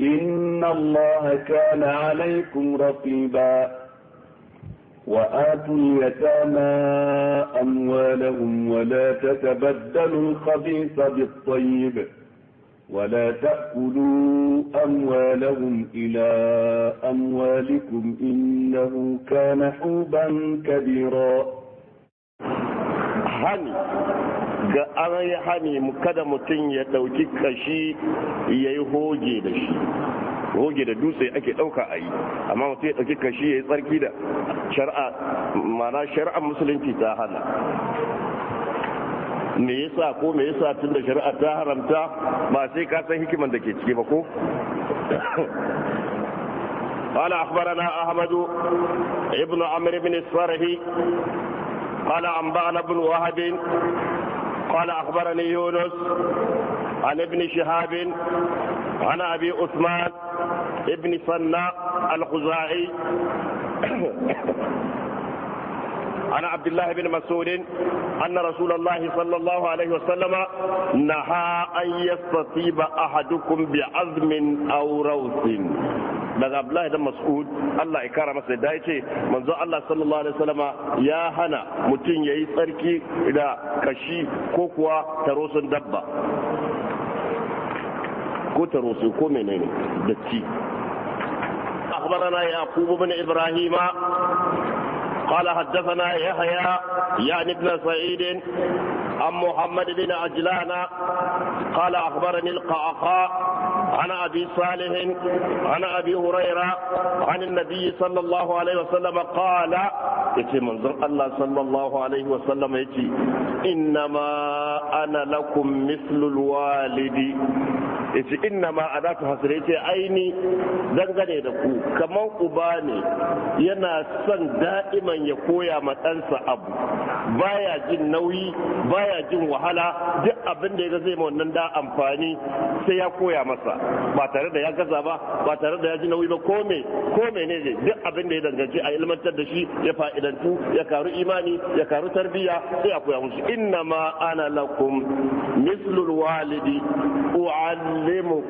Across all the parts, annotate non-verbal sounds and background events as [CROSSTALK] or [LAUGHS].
إن الله كان عليكم رقيبا وآتوا اليتامى أموالهم ولا تتبدلوا الخبيث بالطيب ولا تأكلوا أموالهم إلى أموالكم إنه كان حوبا كبيرا هل ga an ya hani kada mutum ya ɗauki kashi ya yi hoge da shi hoge da dutse ake ɗauka a yi amma mutum ya ɗauki kashi ya yi tsarki da shari'a mana shari'ar musulunci ta hana me yasa ko me yasa tun da shari'a ta haramta ba sai ka san hikiman da ke ciki ba ko قال أخبرنا أحمد ابن عمرو بن الصرحي قال أنبأنا بن وهب قال أخبرني يونس عن ابن شهاب عن أبي عثمان ابن صناق الخزاعي عن عبد الله بن مسعود أن رسول الله صلى الله عليه وسلم نهى أن يستطيب أحدكم بعزم أو روث daga Abdullahi dan Mas'ud Allah ya kara masa da yace manzo Allah sallallahu alaihi wasallama ya hana mutum yayi tsarki da kashi ko kuwa tarosun dabba ko tarosu ko menene datti أخبرنا يعقوب بن Ibrahima. قال حدثنا يحيى يعني ابن سعيد عن محمد بن عجلان قال اخبرني القعقاع عن ابي صالح عن ابي هريره عن النبي صلى الله عليه وسلم قال منظر الله صلى الله عليه وسلم يتي انما انا لكم مثل الوالد yace inna ma adatu hasira yace aini dangane da ku kamar uba ne yana son da'iman ya koya ma ɗansa abu baya jin nauyi baya jin wahala duk abin da ya zai ma wannan da amfani sai ya koya masa ba tare da ya gaza ba ba tare da ya ji nauyi ba ko me ko ne duk abin da ya danganci a ilmantar da shi ya fa'idantu ya karu imani ya karu tarbiyya sai a koya musu inna ma ana lakum mislul walidi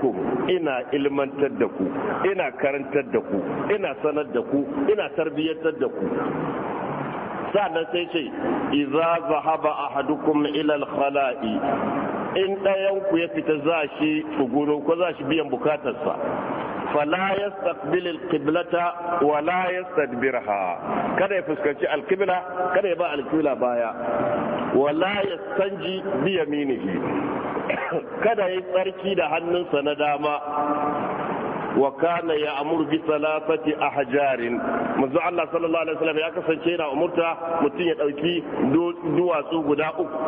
ku ina ilmantar da ku ina karantar da ku ina sanar da ku ina tarbiyyantar da ku sa'annan sai ce idza zahaba ahadukum ila al-khala'i in ɗayan ku ya fita za shi tsuguro ko za shi biyan bukatarsa fala yastaqbil al-qiblata wa la yastadbirha kada ya fuskanci al-qibla kada ya ba al-qibla baya wa la yastanji bi yaminihi kada ya tsarki da hannunsa na dama wa kana ya amur bi salasati ahjarin manzo Allah sallallahu alaihi wasallam ya kasance yana umurta mutum ya dauki duwatsu guda uku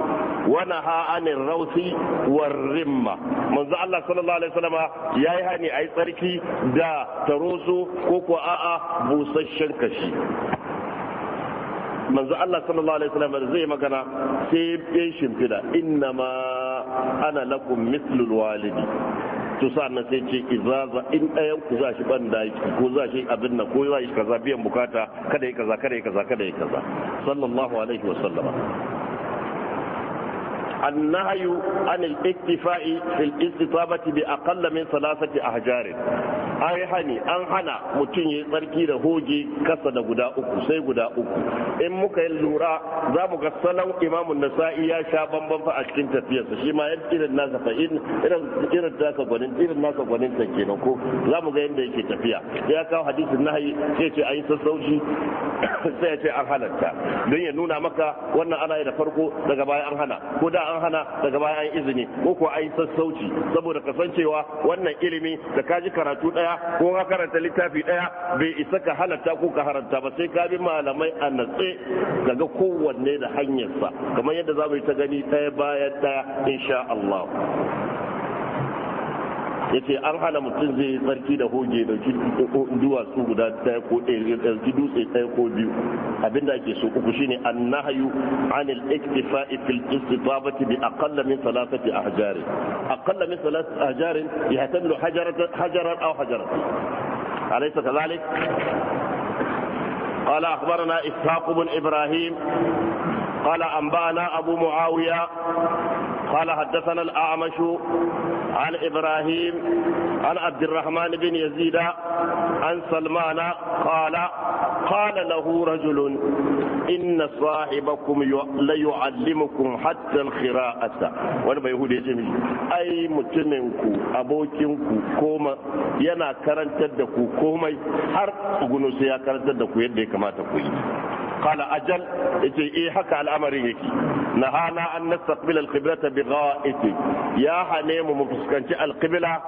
wana naha anir rausi war rimma manzo Allah sallallahu alaihi wasallam yi hani ayi tsarki da tarusu ko ko a'a busasshen kashi manzo Allah sallallahu alaihi wasallam zai magana sai ya shimfida inna ma ana lakum mithlu walidi to sa'annan sai ce izaza in ɗayan ku za shi ban daki ko za shi abin nan ko za shi kaza biyan bukata kada yi kaza kada yi kaza kada yi kaza sallallahu alaihi wasallam النهي عن الاكتفاء في الاستطابة بأقل من ثلاثة أحجار أي هني أن هنا متين يتركي هوجي كسد غدا أكو سي غدا أكو إن مكا اللورا ذا مغسلو إمام النسائي يا شابا بمفا أشكين تفيس شما يبقين الناس فإن إن الناس غنين إن الناس غنين تكينو كو ذا مغين دي كي تفيا يا كاو حديث النهي سيتي أي سسوجي سيتي أرحلتا دنيا نونا مكا وانا أنا إلى فرقو daga baya an hana ko da an hana daga baya an izini ko ko ai sassauci saboda kasancewa wannan ilimi da ka ji karatu daya ko ka karanta littafi daya bai isa ka halatta ko ka haranta ba sai ka bi malamai a natse daga kowanne da hanyarsa kamar yadda za mu yi ta gani ɗaya bayan daya insha Allah ya ce an hana mutum zai yi tsarki da hoge da duwatsu guda ɗaya ko ɗaya dutse ɗaya ko biyu abinda ake so uku shine an nahayu anil iktifa'i fil istitabati bi aqalla min thalathati ahjar aqalla min thalathati ahjar yahtamilu hajaratan hajaran aw hajaratan alaysa kadhalik قال أخبرنا إسحاق بن إبراهيم قال أنبانا أبو معاوية amashu حدثنا الأعمش عن إبراهيم عن عبد الرحمن بن يزيد عن سلمان قال قال له رجل إن صاحبكم ليعلمكم حتى القراءة wani bai hude ce mishi ai mutumin ku abokin yana karantar da ku komai har gunu sai ya karantar da ku yadda ya kamata ku yi قال أجل إيهك على أمر هيك نهانا أن نستقبل القبلة بغائط يا حنيم مفسكنت القبلة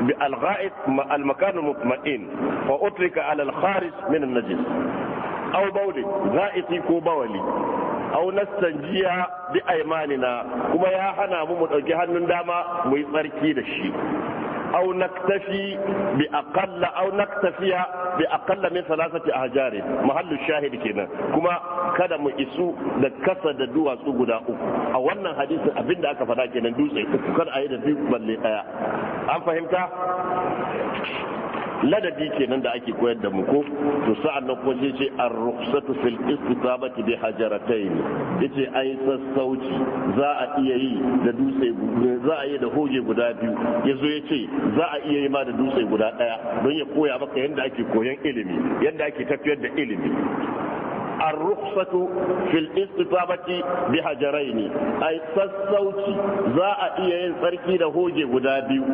بالغائط المكان المطمئن وأترك على الخارج من النجس أو بولي غائط كو بولي أو نستنجي بأيماننا وما يا حنا مو مدوكي هنن داما ويطرقي أو نكتفي بأقل أو نكتفي بأقل من ثلاثة أحجار محل الشاهد كنا كما kada mu isu da kasa da duwatsu guda uku a wannan hadisin abinda aka faɗa kenan dutse kada a yi da biyu balle ɗaya an fahimta ladabi kenan da ake koyar da mu ko to sa'an nan kuma sai ce ar ruksatu fil istitabati bi hajaratayn yace ai sassauci za a iya yi da dutse za a yi da hoje guda biyu yazo yace za a iya yi ma da dutse guda daya don ya koya maka yadda ake koyan ilimi yadda ake tafiyar da ilimi الرخصة في الاستطابة بحجرين أي sassauci za a iya yin tsarki da hoge guda biyu.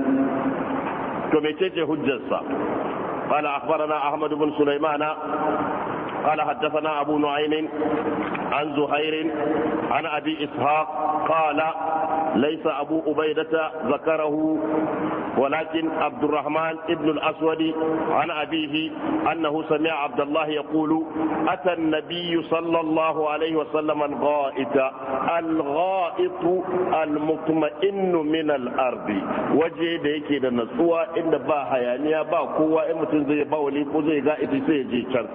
to mecece hujjarsa قال أخبرنا أحمد بن سليمان قال حدثنا أبو نعيم عن زهير عن أبي إسحاق قال ليس أبو أبيدة ذكره ولكن عبد الرحمن ابن الأسود عن أبيه أنه سمع عبد الله يقول أتى النبي صلى الله عليه وسلم الغائط الغائط المطمئن من الأرض وجه da yake da natsuwa inda ba hayaniya ba kowa in mutum zai ba wali ko zai ga ita sai ya je can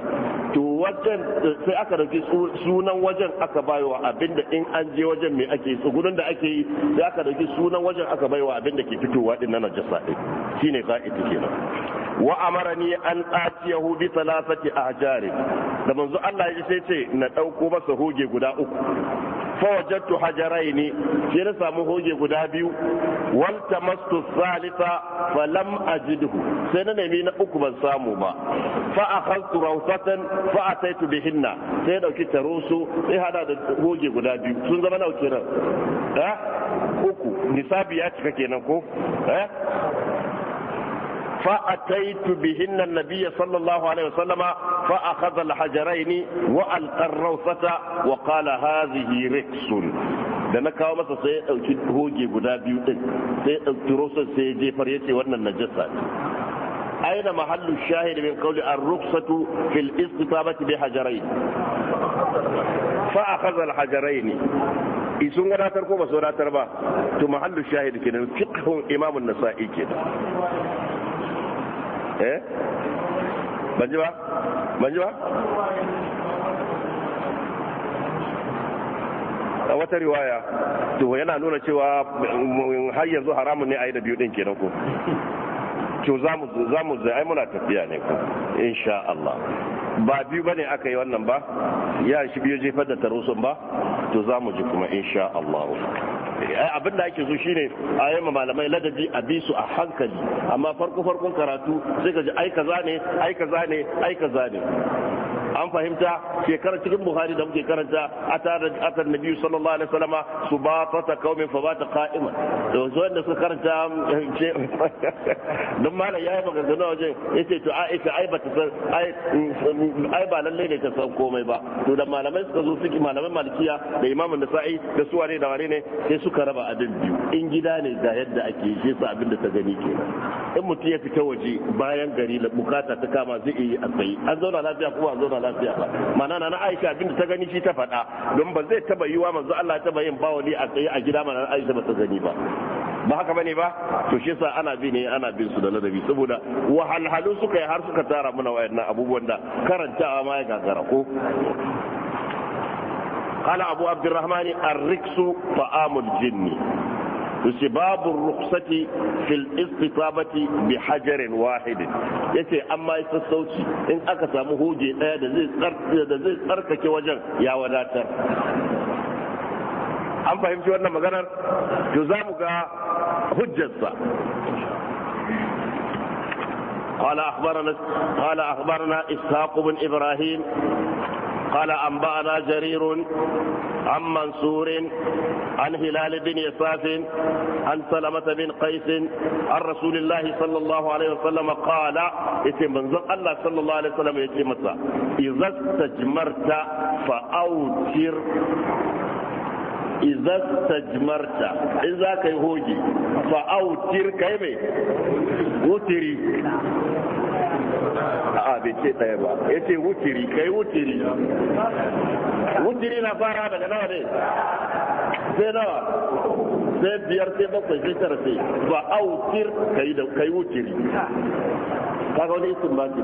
to wajen sai aka dauki sunan wajen aka baiwa abinda in an je wajen mai ake su gudun da ake yi sai aka dauki sunan wajen aka baiwa abinda ke fitowa din na jasa din shine qa'idu kenan wa amarani an atiyahu bi thalathati ahjarin da manzo Allah ya sai ce na dauko masa hoge guda uku fa fawajattu hajaraini sai na samu hoge guda biyu والتمست الثالثة فلم أجده سنة من أكبا ساموما فأخذت روثة فأتيت بهن سنة كتا روسو هذا هوجي قدابي سنة من أكينا أه؟ أكو نسابي أتكا كينا أه؟ فأتيت بهن النبي صلى الله عليه وسلم فأخذ الحجرين وألقى الروثة وقال هذه ركس da na kawo masa sai ya ɗauki hoge guda biyu ɗin sai ya ɗauki rosar sai ya jefar ya ce wannan najasa ce aina mahallu shahid min qawli ar-rukhsatu fil istitabati bi hajarayn fa akhadha al-hajarayn sun wadatar ko ba su wadatar ba to mahallu shahid kenan fiqhun imam an-nasa'i kenan eh ban ji ba ban ba a wata riwaya to yana nuna cewa har yanzu haramun ne a yi da biyu din kenan ko to za mu za mu ai muna tafiya ne ko insha Allah ba biyu bane aka yi wannan ba ya shi biyu jefar da tarusun ba to za mu ji kuma insha Allah eh, abin da ake so shine a yi ma malamai ladabi a bi su a hankali amma farko farkon karatu sai ka ji ai kaza ne ai kaza ne ai kaza ne an fahimta shekarar cikin buhari da muke karanta atar nabi sallallahu alaihi wasallama su ba ta kaumin fa ba ta qa'ima to wanda suka karanta [LAUGHS] don malam yayi maganganu wajen yace to Aisha ai bata san ai ai ba lallai ne ka san komai ba to da malamai suka zo suke malamai malikiya da imamu da sa'i da su ne da ware ne sai suka raba abin biyu in gida ne ga yadda ake yi su abin da ta gani kenan in mutum ya fita waje bayan gari da bukata ta kama zai iya a tsaye an zauna lafiya ko an zauna lafiya ba mana na Aisha abin da ta gani shi ta faɗa don ba zai taba yiwa manzo Allah ta taba yin bawali a tsaye a gida mana Aisha ba ta gani ba ba haka bane ba to shi yasa ana bi ne ana bin su da ladabi saboda wahalhalu suka yi har suka tara mana wayannan abubuwan da karantawa ma ya gagara ko قال أبو عبد الرحمن الركس طعام الجن باب الرخصة في الاستطابة بحجر واحد yace amma ya sassauci in aka samu hoje ɗaya da zai tsarkake wajen ya wadatar an fahimci wannan maganar to za mu ga hujjarsa قال أخبرنا قال أخبرنا إسحاق بن إبراهيم قال أنبأنا جرير عن منصور عن هلال بن يساف عن سلمة بن قيس عن رسول الله صلى الله عليه وسلم قال اسم الله صلى الله عليه وسلم يتمسى إذا استجمرت فأوتر Iza tajmarta in za ka yi hoji fa'autir kai mai wutiri a'a bai ce ɗaya ba ya ce wutiri kai wutiri wutiri na fara daga nawa ne sai nawa sai biyar sai bakwai sai tara sai ba autir kai da kai wutiri kaga wani istinbati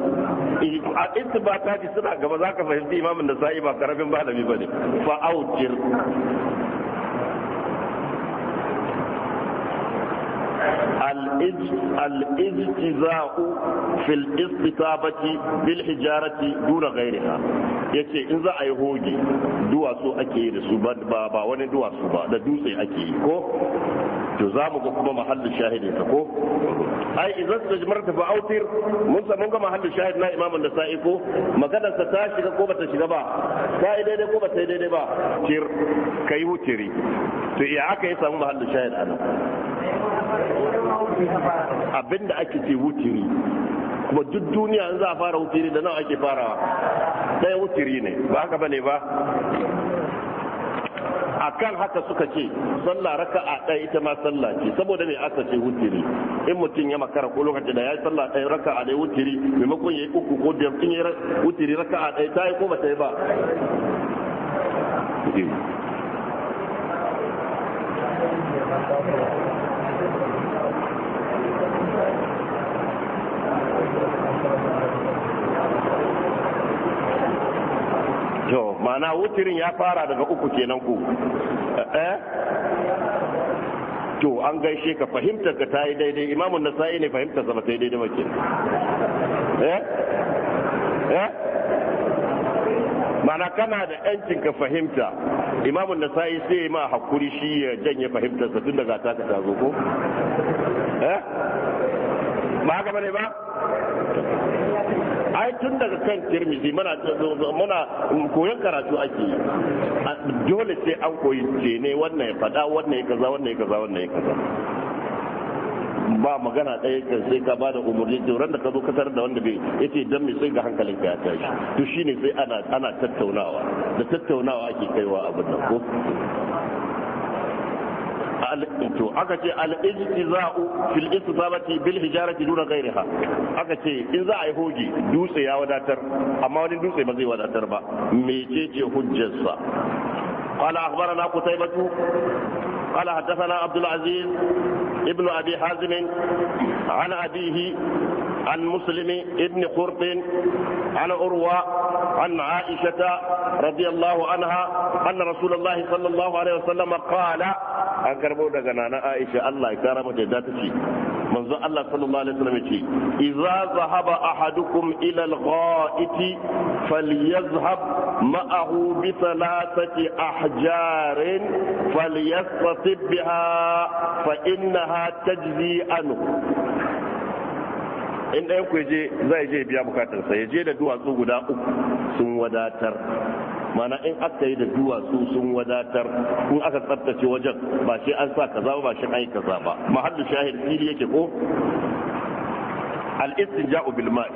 eh, a istinbata suna gaba za ka fahimci imamin da sa'i ba ba bi ba ne. fa autir al-ijtiza'u fil istitabati bil hijarati duna ghairiha yace in za a yi hoge duwatsu ake yi da su ba ba wani duwatsu ba da dutse ake yi ko to za mu ga kuma mahallin shahidin ka ko ai idan ta jimar da autir mun san mun ga mahallin shahid na imamun da sa'i ko maganar ta ta shiga ko bata shiga ba ta yi daidai ko bata yi daidai ba tir kai wutiri to ya aka yi samu mahallin shahid anan abinda ake ce wutiri kuma duk duniya in za a fara wutiri da nawa ake farawa ɗaya wutiri ne ba haka bane ba a kan haka suka ce sallah raka a ɗaya ita ma sallah ce saboda ne aka ce wutiri in mutum ya makara ko lokacin da ya yi sallah ɗaya raka a ɗaya wutiri maimakon ya yi uku ko biyar in ya wutiri raka a ɗaya ta yi ko ba ta yi ba ma'ana wutirin ya fara daga uku kenan ku eh to an gaishe ka fahimtar ka ta yi daidai imamun sai ne fahimtar sa ba ta yi daidai ba eh eh mana kana da yancin ka fahimta imamun na sai ma hakuri shi ya janye fahimtar sa tun daga ta ka ta zo ko eh ba haka bane ba ai tun daga kan tirmizi muna muna koyon karatu ake yi dole sai an koyi ce ne wannan ya faɗa wannan ya kaza wannan ya kaza wannan ya kaza ba magana ɗaya kan sai ka bada umarni to ran da ka zo ka tarar da wanda bai ce dan mai sai ga hankalin ka ya tashi to shine sai ana ana tattaunawa da tattaunawa ake kaiwa abin nan ko to aka ce al-ijtiza'u fil isbabati bil hijarati duna ha aka ce in za a yi hoji dutse ya wadatar amma wani dutse ba zai wadatar ba mecece hujjarsa qala akhbarana qutaybatu qala hadathana abdul aziz ibnu abi hazim ala أبيه عن مسلم ابن قرط عن أروى عن عائشة رضي الله عنها أن رسول الله صلى الله عليه وسلم قال أقربوا دقنا عائشة الله كرمت ذاتك منذ الله صلى الله عليه وسلم إذا ذهب أحدكم إلى الغائط فليذهب معه بثلاثة أحجار فليستطب بها فإنها تجزي عنه in ɗayan ku je zai je biya sa ya je da duwatsu guda uku sun wadatar mana in aka yi da duwatsu sun wadatar in aka tsabtace wajen ba shi an sa kaza ba shi an yi kaza ba mahallu shahid fili yake ko al-istinja'u bil ma'i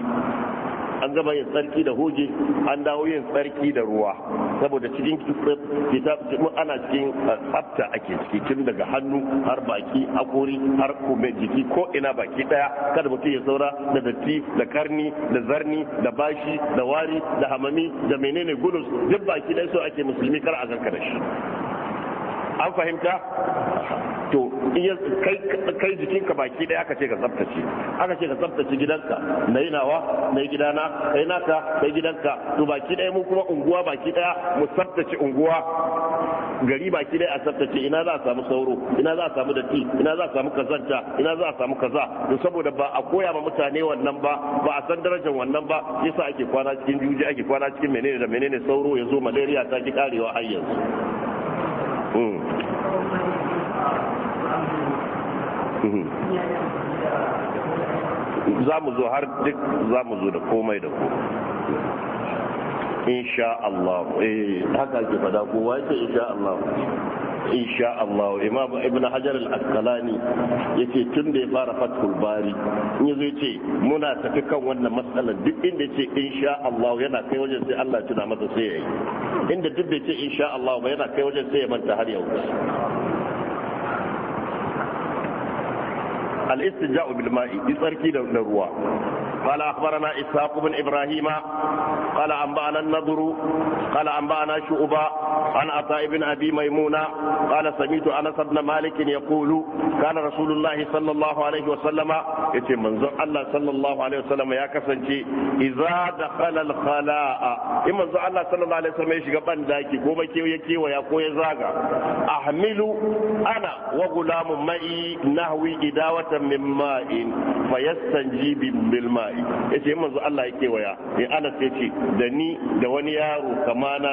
an zama yin tsarki da hoge an dawo yin tsarki da ruwa saboda cikin ana cikin eh, tsafta ake ciki tun daga hannu har baki akori har kome jiki ko ina baki daya kada mutum ya saura da datti da karni da zarni da bashi da wari da hamami da menene gulus duk baki daya so ake musulmi kar a ganka da shi an fahimta to iya kai jikin jikinka baki daya aka ce ka tsaftace aka ce ka tsaftace gidanka na yi nawa na yi gidana na yi naka na yi gidanka to baki daya mu kuma unguwa baki daya mu tsaftace unguwa gari baki daya a tsaftace ina za a samu sauro ina za a samu datti ina za a samu kazanta ina za a samu kaza to saboda ba a koya ma mutane wannan ba ba a san darajar wannan ba yasa ake kwana cikin juji ake kwana cikin menene da menene sauro ya zo malaria ta ki karewa har yanzu Mm. Mm-hmm. za mu zo har duk za mu zo da komai da komai insha Allah eh haka ke fada kowa ce insha Allah insha Allah imam ibn hajar al-asqalani yace tun da ya fara fathul bari in yazo yace muna tafi kan wannan matsalar duk inda yace insha Allah yana kai wajen sai Allah tuna masa sai yayi inda duk da yace insha Allah ba yana kai wajen sai ya manta har yau al-istija'u bil ma'i tsarki da ruwa قال أخبرنا إسحاق بن إبراهيم قال أنبأنا النضر قال أنبأنا شؤبا عن عطاء بن أبي ميمونة قال سميت أنس بن مالك يقول كان رسول الله صلى الله عليه وسلم يتي منظر الله صلى الله عليه وسلم يا كسنتي إذا دخل الخلاء إن الله صلى الله عليه وسلم بان بنداكي كوما كيو يكي ويقو يزاغا أحمل أنا وغلام مائي نهوي إداوة من ماء فيستنجي بالماء يتي منظر الله يكي ويا أنا سيتي دني دوني يارو كمانا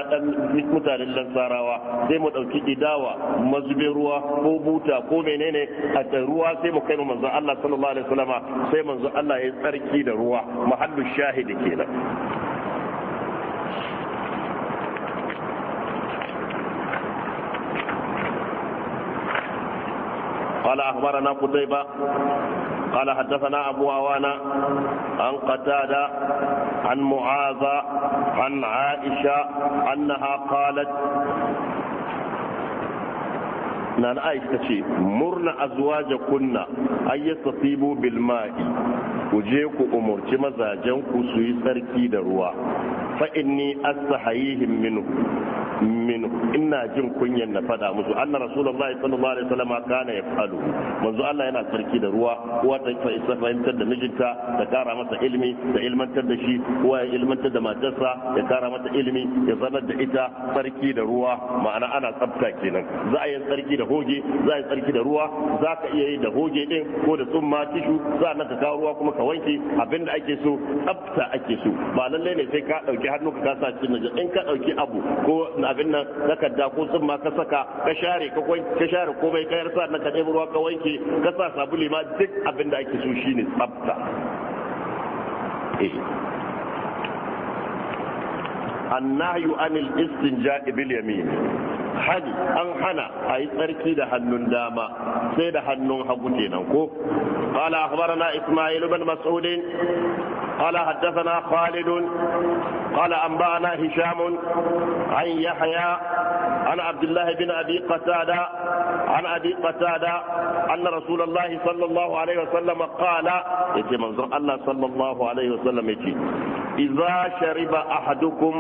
متعلق nasarawa sai mu ɗauki idawa mazubin ruwa ko buta ko menene a ruwa sai mu kai mu manzon Allah sallallahu alaihi wasallama sai manzon Allah ya tsarki da ruwa mahallu shahidi kenan قال أخبرنا قتيبة قال حدثنا أبو أوانا عن قتادة عن معاذ عن عائشة أنها قالت نان نعم، عائشة تشي أزواج كنا أي يستطيبوا بالماء وجيكو أمور مزاجنكو سوي سركي دروا فإني أستحييهم منه min ina jin kunyan na fada musu anna rasulullahi sallallahu alaihi wasallam kana yafalu manzo Allah yana sarki da ruwa uwa ta isa fahimtar da mijinta ta kara masa ilimi da ilmantar da shi uwa ya ilmantar da matarsa ya kara mata ilimi ya sanar da ita sarki da ruwa ma'ana ana tsafta kenan za a yi sarki da hoge za a yi sarki da ruwa za ka iya yi da hoge din ko da tsumma tishu za ka kawo ruwa kuma ka wanke abinda ake so tsafta ake so ba lallai ne sai ka dauki hannu ka kasa cikin in ka dauki abu ko abin nan na kadda ko sun ma ka saka ka share ka ka share komai ka yarsa nan ka ɗebi ruwa ka wanke ka sa sabuli ma duk abin da ake so shine tsafta eh. anil istinja الاستنجاء yamin hani an hana a yi tsarki da hannun dama sai da hannun hagu kenan ko qala akhbarana isma'il ibn mas'ud qala haddathana khalid qala anba'ana hisham an yahya an abdullah ibn abi qatada an abi qatada anna rasulullah sallallahu alaihi wasallam qala yace manzon Allah sallallahu alaihi wasallam yace idza shariba ahadukum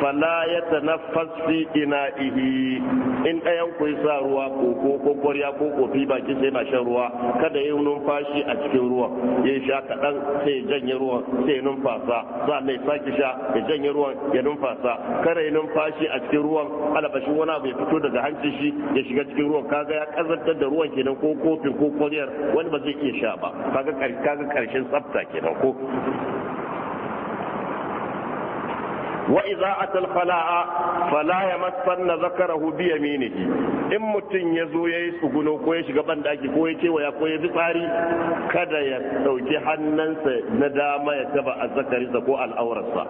fala yatanaffas fi ina'ihi in ɗayan ku sa ruwa koko ko kwarya ko kofi baki sai na shan ruwa kada ya numfashi a cikin ruwan ya sha kaɗan sai ya janye ruwan sai ya numfasa za mai sake sha ya janye ruwan ya numfasa kada ya numfashi a cikin ruwan alabashin wani abu ya fito daga hanci shi ya shiga cikin ruwan kaga ya kazantar da ruwan kenan ko kofin ko kwaryar wani ba zai iya sha ba kaga kaga karshen tsafta kenan ko وإذا أتى الخلاء فلا يمسن ذكره بيمينه in mutum ya zo ya yi suguno ko ya shiga bandaki ko ya kewaya ko ya tsari, kada ya ɗauki hannunsa na dama ya taba azzakarinsa ko al'aurarsa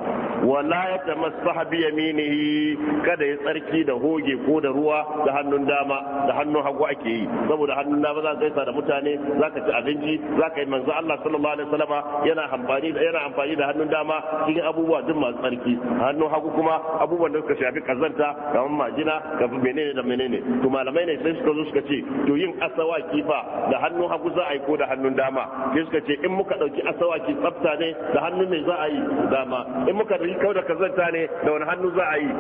wala ya tamassaha bi yaminihi kada ya tsarki da hoge ko da ruwa da hannun dama da hannun hagu ake yi saboda hannun dama za ka gaisa da mutane za ka ci abinci za ka yi manzo Allah sallallahu alaihi wasallama yana amfani da yana amfani da hannun dama cikin abubuwa duk masu tsarki hannun hagu kuma abubuwan da suka shafi kazanta kamar majina kamar menene da menene to malamai ne sai suka zo suka ce to yin asawaki kifa da hannun hagu za a yi ko da hannun dama sai suka ce in muka dauki asawaki tsafta ne da hannun ne za a yi dama in muka dauki kau da kazanta ne da wani hannu za a yi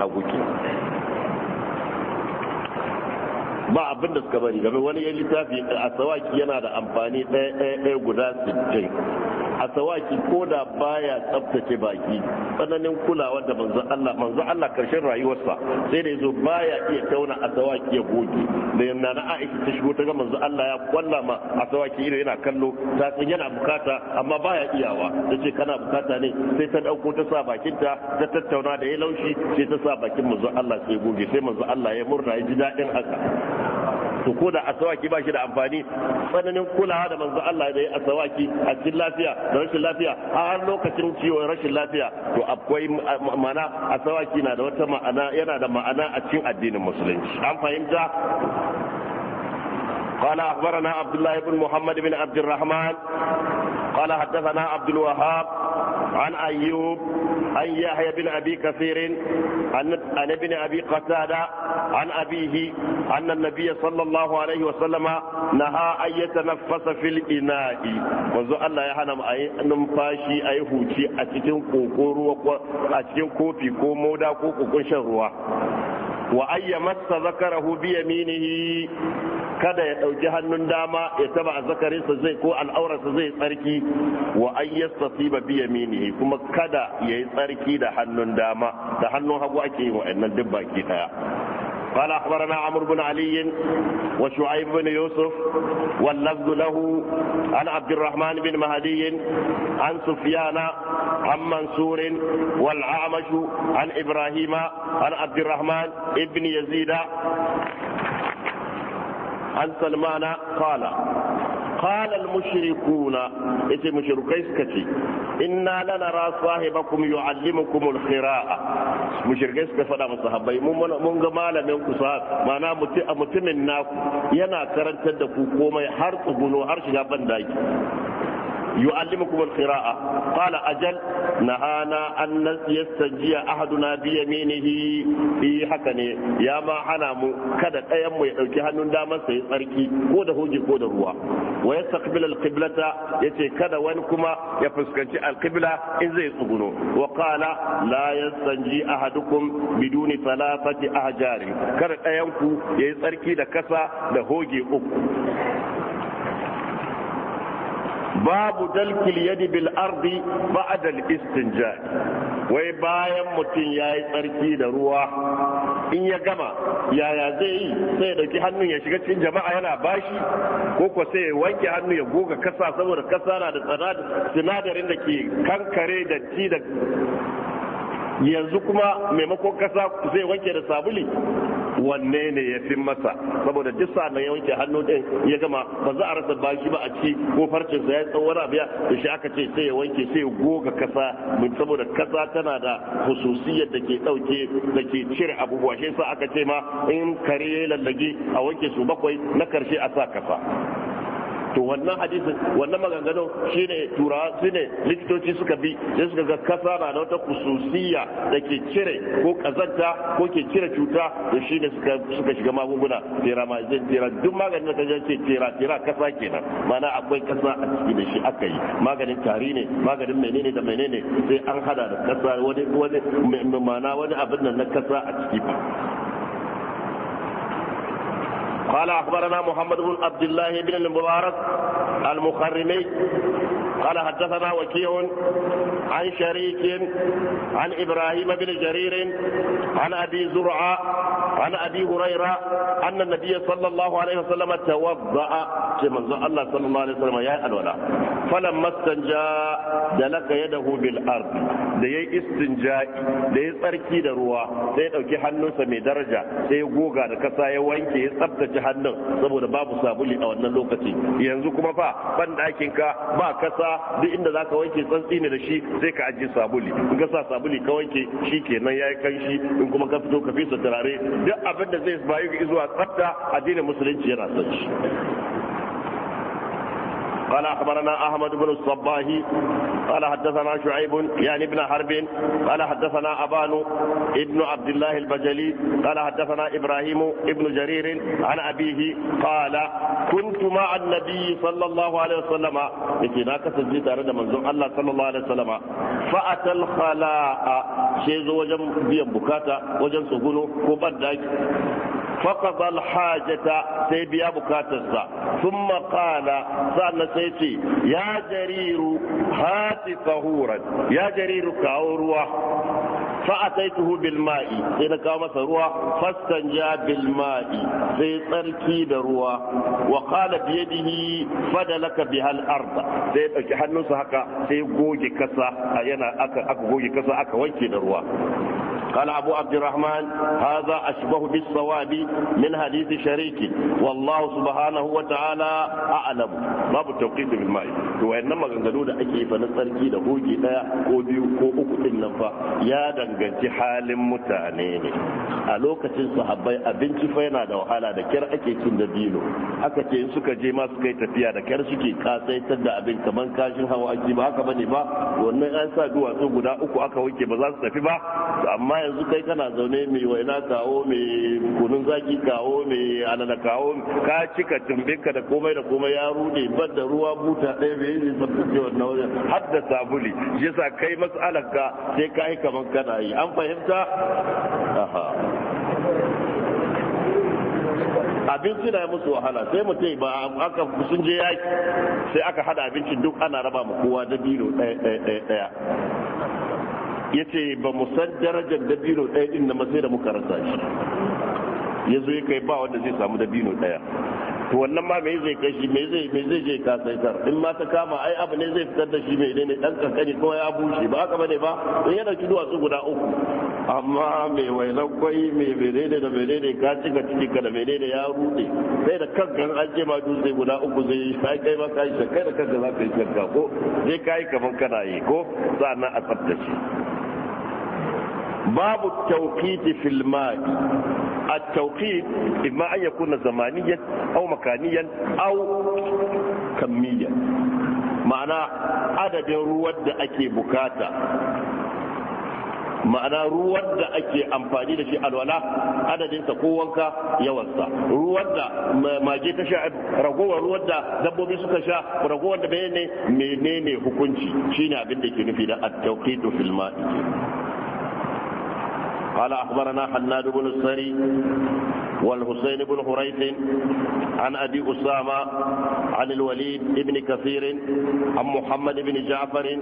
hagu ba abin da suka bari game wani ya littafi a tsawaki yana da amfani ɗaya ɗaya guda sittin a sawaki ko da baya tsabtace baki tsananin kulawa da manzo Allah manzo Allah karshen rayuwarsa sai da yazo baya iya tauna a sawaki ya goge da yamma na Aisha ta shigo ta ga manzo Allah ya kwalla ma a sawaki ido yana kallo ta san yana bukata amma baya iyawa tace kana bukata ne sai ta dauko ta sa bakinta ta tattauna da ya laushi sai ta sa bakin manzo Allah sai goge sai manzo Allah ya murna ya ji dadin haka to ko da asawaki ba shi da amfani tsananin kulawa da manzo Allah da ya asawaki a cikin lafiya da rashin lafiya a har lokacin ciwon rashin lafiya to akwai ma'ana asawaki na da wata ma'ana yana da ma'ana a cikin addinin musulunci an fahimta قال أخبرنا عبد الله بن محمد بن عبد الرحمن قال حدثنا عبد الوهاب عن أيوب عن يحيى بن أبي كثير عن ابن أبي قتادة عن أبيه أن النبي صلى الله عليه وسلم نهى أن يتنفس في الإناء منذ الله يحنم أي نمفاشي أي هوتي أتكين كوكورو أتكين كوفي كومودا كوكو شروا wa ayya massa zakarahu bi yaminihi kada ya dauki hannun dama ya taba zakarinsa zai ko al'aurarsa zai tsarki wa ayyastasiba bi yaminihi kuma kada yayi tsarki da hannun dama da hannun hagu ake yi wa'annan duk baki daya قال أخبرنا عمرو بن علي وشعيب بن يوسف واللفظ له عن عبد الرحمن بن مهدي عن سفيان عن منصور والأعمش عن إبراهيم عن عبد الرحمن بن يزيد عن سلمان قال قال المشركون اسم مشركي سكتي inna lanara sahibakum yu'allimukum al-qira'a suka faɗa masa habai mun ga malamin ku sahab mana mutumin naku yana karantar da ku komai har tsuguno har shiga ban يعلمكم القراءة قال أجل نهانا أن يستنجي أحدنا بيمينه إي حكني يا ما حنامو كذا أيام ويأتي هنون داما سيساركي كودا هوجي كودا هو ويستقبل القبلة يتي كذا وانكما يفسكنتي القبلة إن زي سبنو وقال لا يستنجي أحدكم بدون ثلاثة أحجار كذا أيامكو يساركي دا كسا دا هوجي أكو babu dalkil yadi bil ardi ba'da al istinja wai bayan mutum yayi tsarki da ruwa in ya gama yaya zai yi sai ya dauki hannun ya shiga cikin jama'a yana bashi ko ko sai ya wanke hannu ya goga kasa saboda kasa na da sinadarin da ke kankare da ci da yanzu kuma maimakon kasa zai wanke da sabuli wanne ne ya fi masa saboda duk sa ya wanke hannu din ya gama ba za a rasa bashi ba a ci ko farcin sa ya tsawon abiya da shi aka ce sai ya wanke sai ya goga kasa saboda kasa tana da hususiyar da ke dauke da ke cire abubuwa shi yasa aka ce ma in kare ya lallage a wanke su bakwai na karshe a sa kasa to wannan hadisin wannan maganganun shine turawa shine likitoci suka bi sai suka ga kasa na wata kususiya da ke cire ko kazanta ko ke cire cuta to shine suka suka shiga magunguna tera ma zai tera duk maganin da kaje ce tera tera kasa kenan mana akwai kasa a ciki da shi aka yi maganin tari ne maganin menene da menene sai an hada da kasa wani wani mana wani abin nan na kasa a ciki قال أخبرنا محمد بن عبد الله بن المبارك المخرمي قال حدثنا وكيع عن شريك عن إبراهيم بن جرير عن أبي زرعة عن أبي هريرة أن النبي صلى الله عليه وسلم توضأ ce manzon Allah sallallahu alaihi wasallam ya alwala falan mastanja da laka yadahu bil ard da yayi istinja'i da yayi tsarki da ruwa sai ya dauki hannunsa mai daraja sai ya goga da kasa ya wanke ya tsaftace hannun saboda babu sabuli a wannan lokaci yanzu kuma fa ban dakin ka ba kasa duk inda zaka wanke tsantsi ne da shi sai ka ajiye sabuli in ka sa sabuli ka wanke shi kenan yayi kanshi in kuma ka fito ka fisa turare duk abin da zai bayu zuwa tsafta addinin musulunci yana sanci قال أخبرنا أحمد بن الصباه قال حدثنا شعيب يعني ابن حرب قال حدثنا أبان ابن عبد الله البجلي قال حدثنا إبراهيم ابن جرير عن أبيه قال كنت مع النبي صلى الله عليه وسلم لكي لا تسجد أرد منزوم الله صلى الله عليه وسلم فأتى الخلاء شيء وجم بيان بكاتا وجم سجونه وبدك فقضى الحاجة سيبيا بكاتسا ثم قال سألنا سيتي يا جرير هات طهورا يا جرير كاوروا فأتيته بالماء سينا كاما سروا فاستنجى بالماء سيطركي دروا وقال بيده فدلك بها الأرض سيحنس هكا سيقوجي كسا ينا أكا أكا أكا وانكي دروا قال أبو عبد الرحمن هذا أشبه بالصواب من حديث شريكي wallahu subhanahu wa ta'ala a'lam babu tawqit bil ma'i to wayannan maganganu da ake fa na tsarki da goge daya ko biyu ko uku din nan fa ya danganci halin mutane ne a lokacin sahabbai abinci fa yana da wahala da kyar ake cin da dino aka ce in suka je masu kai tafiya da kyar suke kasaitar da abin kaman kashin hawa ake ba haka bane ba wannan an sa duwatsu guda uku aka wanke ba za su tafi ba amma yanzu kai kana zaune mai waina kawo mai kunun zaki kawo mai alala kawo komi ka cika tumbinka da komai da komai ya rude ban da ruwa buta ɗaya bai yi tsaftace wannan wajen har da sabuli shi yasa kai matsalar ka sai ka yi kamar kana yi an fahimta abinci na musu wahala sai mu ce ba aka sun je yaki sai aka hada abincin duk ana raba mu kowa da biro ɗaya ɗaya ɗaya ya ce ba mu san darajar da biro ɗaya din na sai da muka rasa shi ya zo ya kai ba wanda zai samu dabino daya to wannan ma me zai kai shi me zai mai zai je ka sai kar in ma ta kama ai abu ne zai fitar da shi mai ne dan kankani ko ya bushe ba haka bane ba in ya dauki duwatsu guda uku amma mai wailan kwai mai menene da menene ka cika ciki ka da menene ya rude sai da kankan an je ma dutse guda uku zai yi sai kai ma kai shi kai da kanka za ka yi ka ko zai kai kaman kana yi ko sa'annan a tsaftace babu tawqiti fil ma'i التوقيت إما أن يكون زمانيا أو مكانيا أو كميا معنى عدد رواد أكي بكاتا ma'ana ruwan da ake amfani da shi alwala adadinsa ta kowanka yawansa ruwan da mage ta sha ragowar ruwan da dabbobi suka sha ragowar da menene menene hukunci shine abin da ke nufi da at-tawqitu fil ma'i قال أخبرنا حناد بن السري والحسين بن حريث عن أبي أسامة عن الوليد بن كثير عن محمد بن جعفر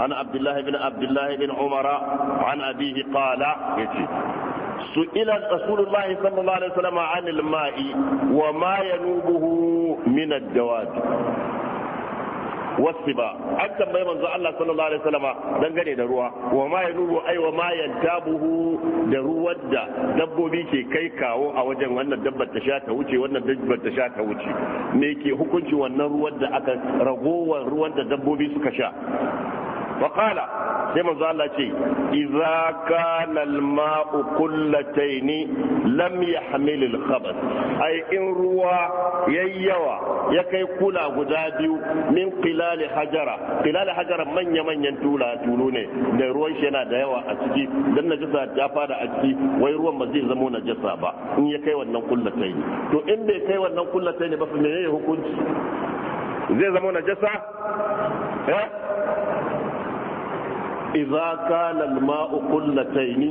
عن عبد الله بن عبد الله بن عمر عن أبيه قال سئل رسول الله صلى الله عليه وسلم عن الماء وما ينوبه من الدواب wasiba an tambayi manzo Allah sallallahu alaihi wasallama dangane da ruwa wa ma yanubu ai wa ma yantabuhu da ruwan da dabbobi ke kai kawo a wajen wannan dabbar ta sha ta wuce wannan dabbar ta sha ta wuce me ke hukunci wannan ruwan da aka ragowar ruwan da dabbobi suka sha faƙala sai manzo Allah ce idza kana al-ma'u kullatayn lam yahmil al-khabath ai in ruwa yawa ya kai kula guda biyu min qilali hajara qilali hajara manya manyan tula tulu ne da ruwan shi yana da yawa a ciki dan najasa ta fada a ciki wai ruwan ba zai zama najasa ba in ya kai wannan kullatayn to in bai kai wannan kullatayn ba fa menene hukunci zai zama najasa eh idza kana alma'u qullatayn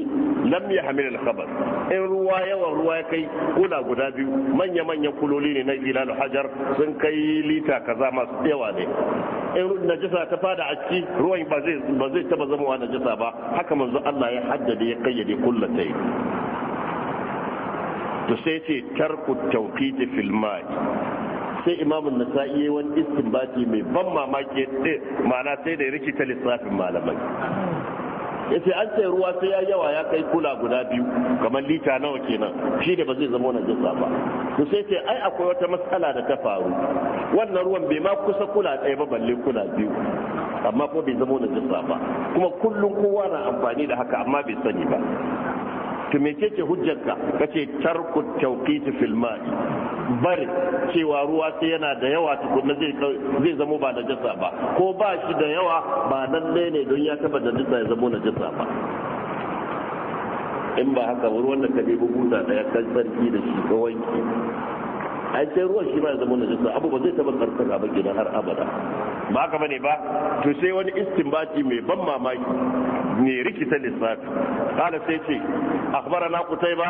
lam yahmil alkhabar in ruwa yawan ruwa ya kai kula guda biyu manya manya kuloli ne na hilal hajar sun kai lita kaza masu yawa ne in najasa ta fada a ciki ruwan ba zai ba zai taba zama najasa ba haka manzo Allah ya haddade ya kayyade kullatayn to sai ce tarku tawqit fil ma'i sai imamun nasa'i yayi wani istinbati mai ban mamaki ma'ana sai da riki ta lissafin malamai yace an sai ruwa sai ya yawa ya kai kula guda biyu kamar lita nawa kenan shi da ba zai zama wani jinsa ba to sai ce ai akwai wata matsala da ta faru wannan ruwan bai ma kusa kula ɗaya ba balle kula biyu amma kuma bai zama wani jinsa ba kuma kullum kowa na amfani da haka amma bai sani ba to mecece hujjarka kace tarku tawqit fil ma'i Bar cewa ruwa sai yana da yawa tukunna zai zamo ba najasa ba ko ba shi da yawa ba nan ne don ya taba najasa ya zamo najasa ba in ba haka ruwan da ka ɗebi buta ya kan sarki da shi ga wanki ai sai ruwan shi ba ya zama najasa abu ba zai taba karkata ba gidan har abada ba haka bane ba to sai wani istinbati mai ban mamaki ne rikita lissafi kala sai ce akhbarana qutayba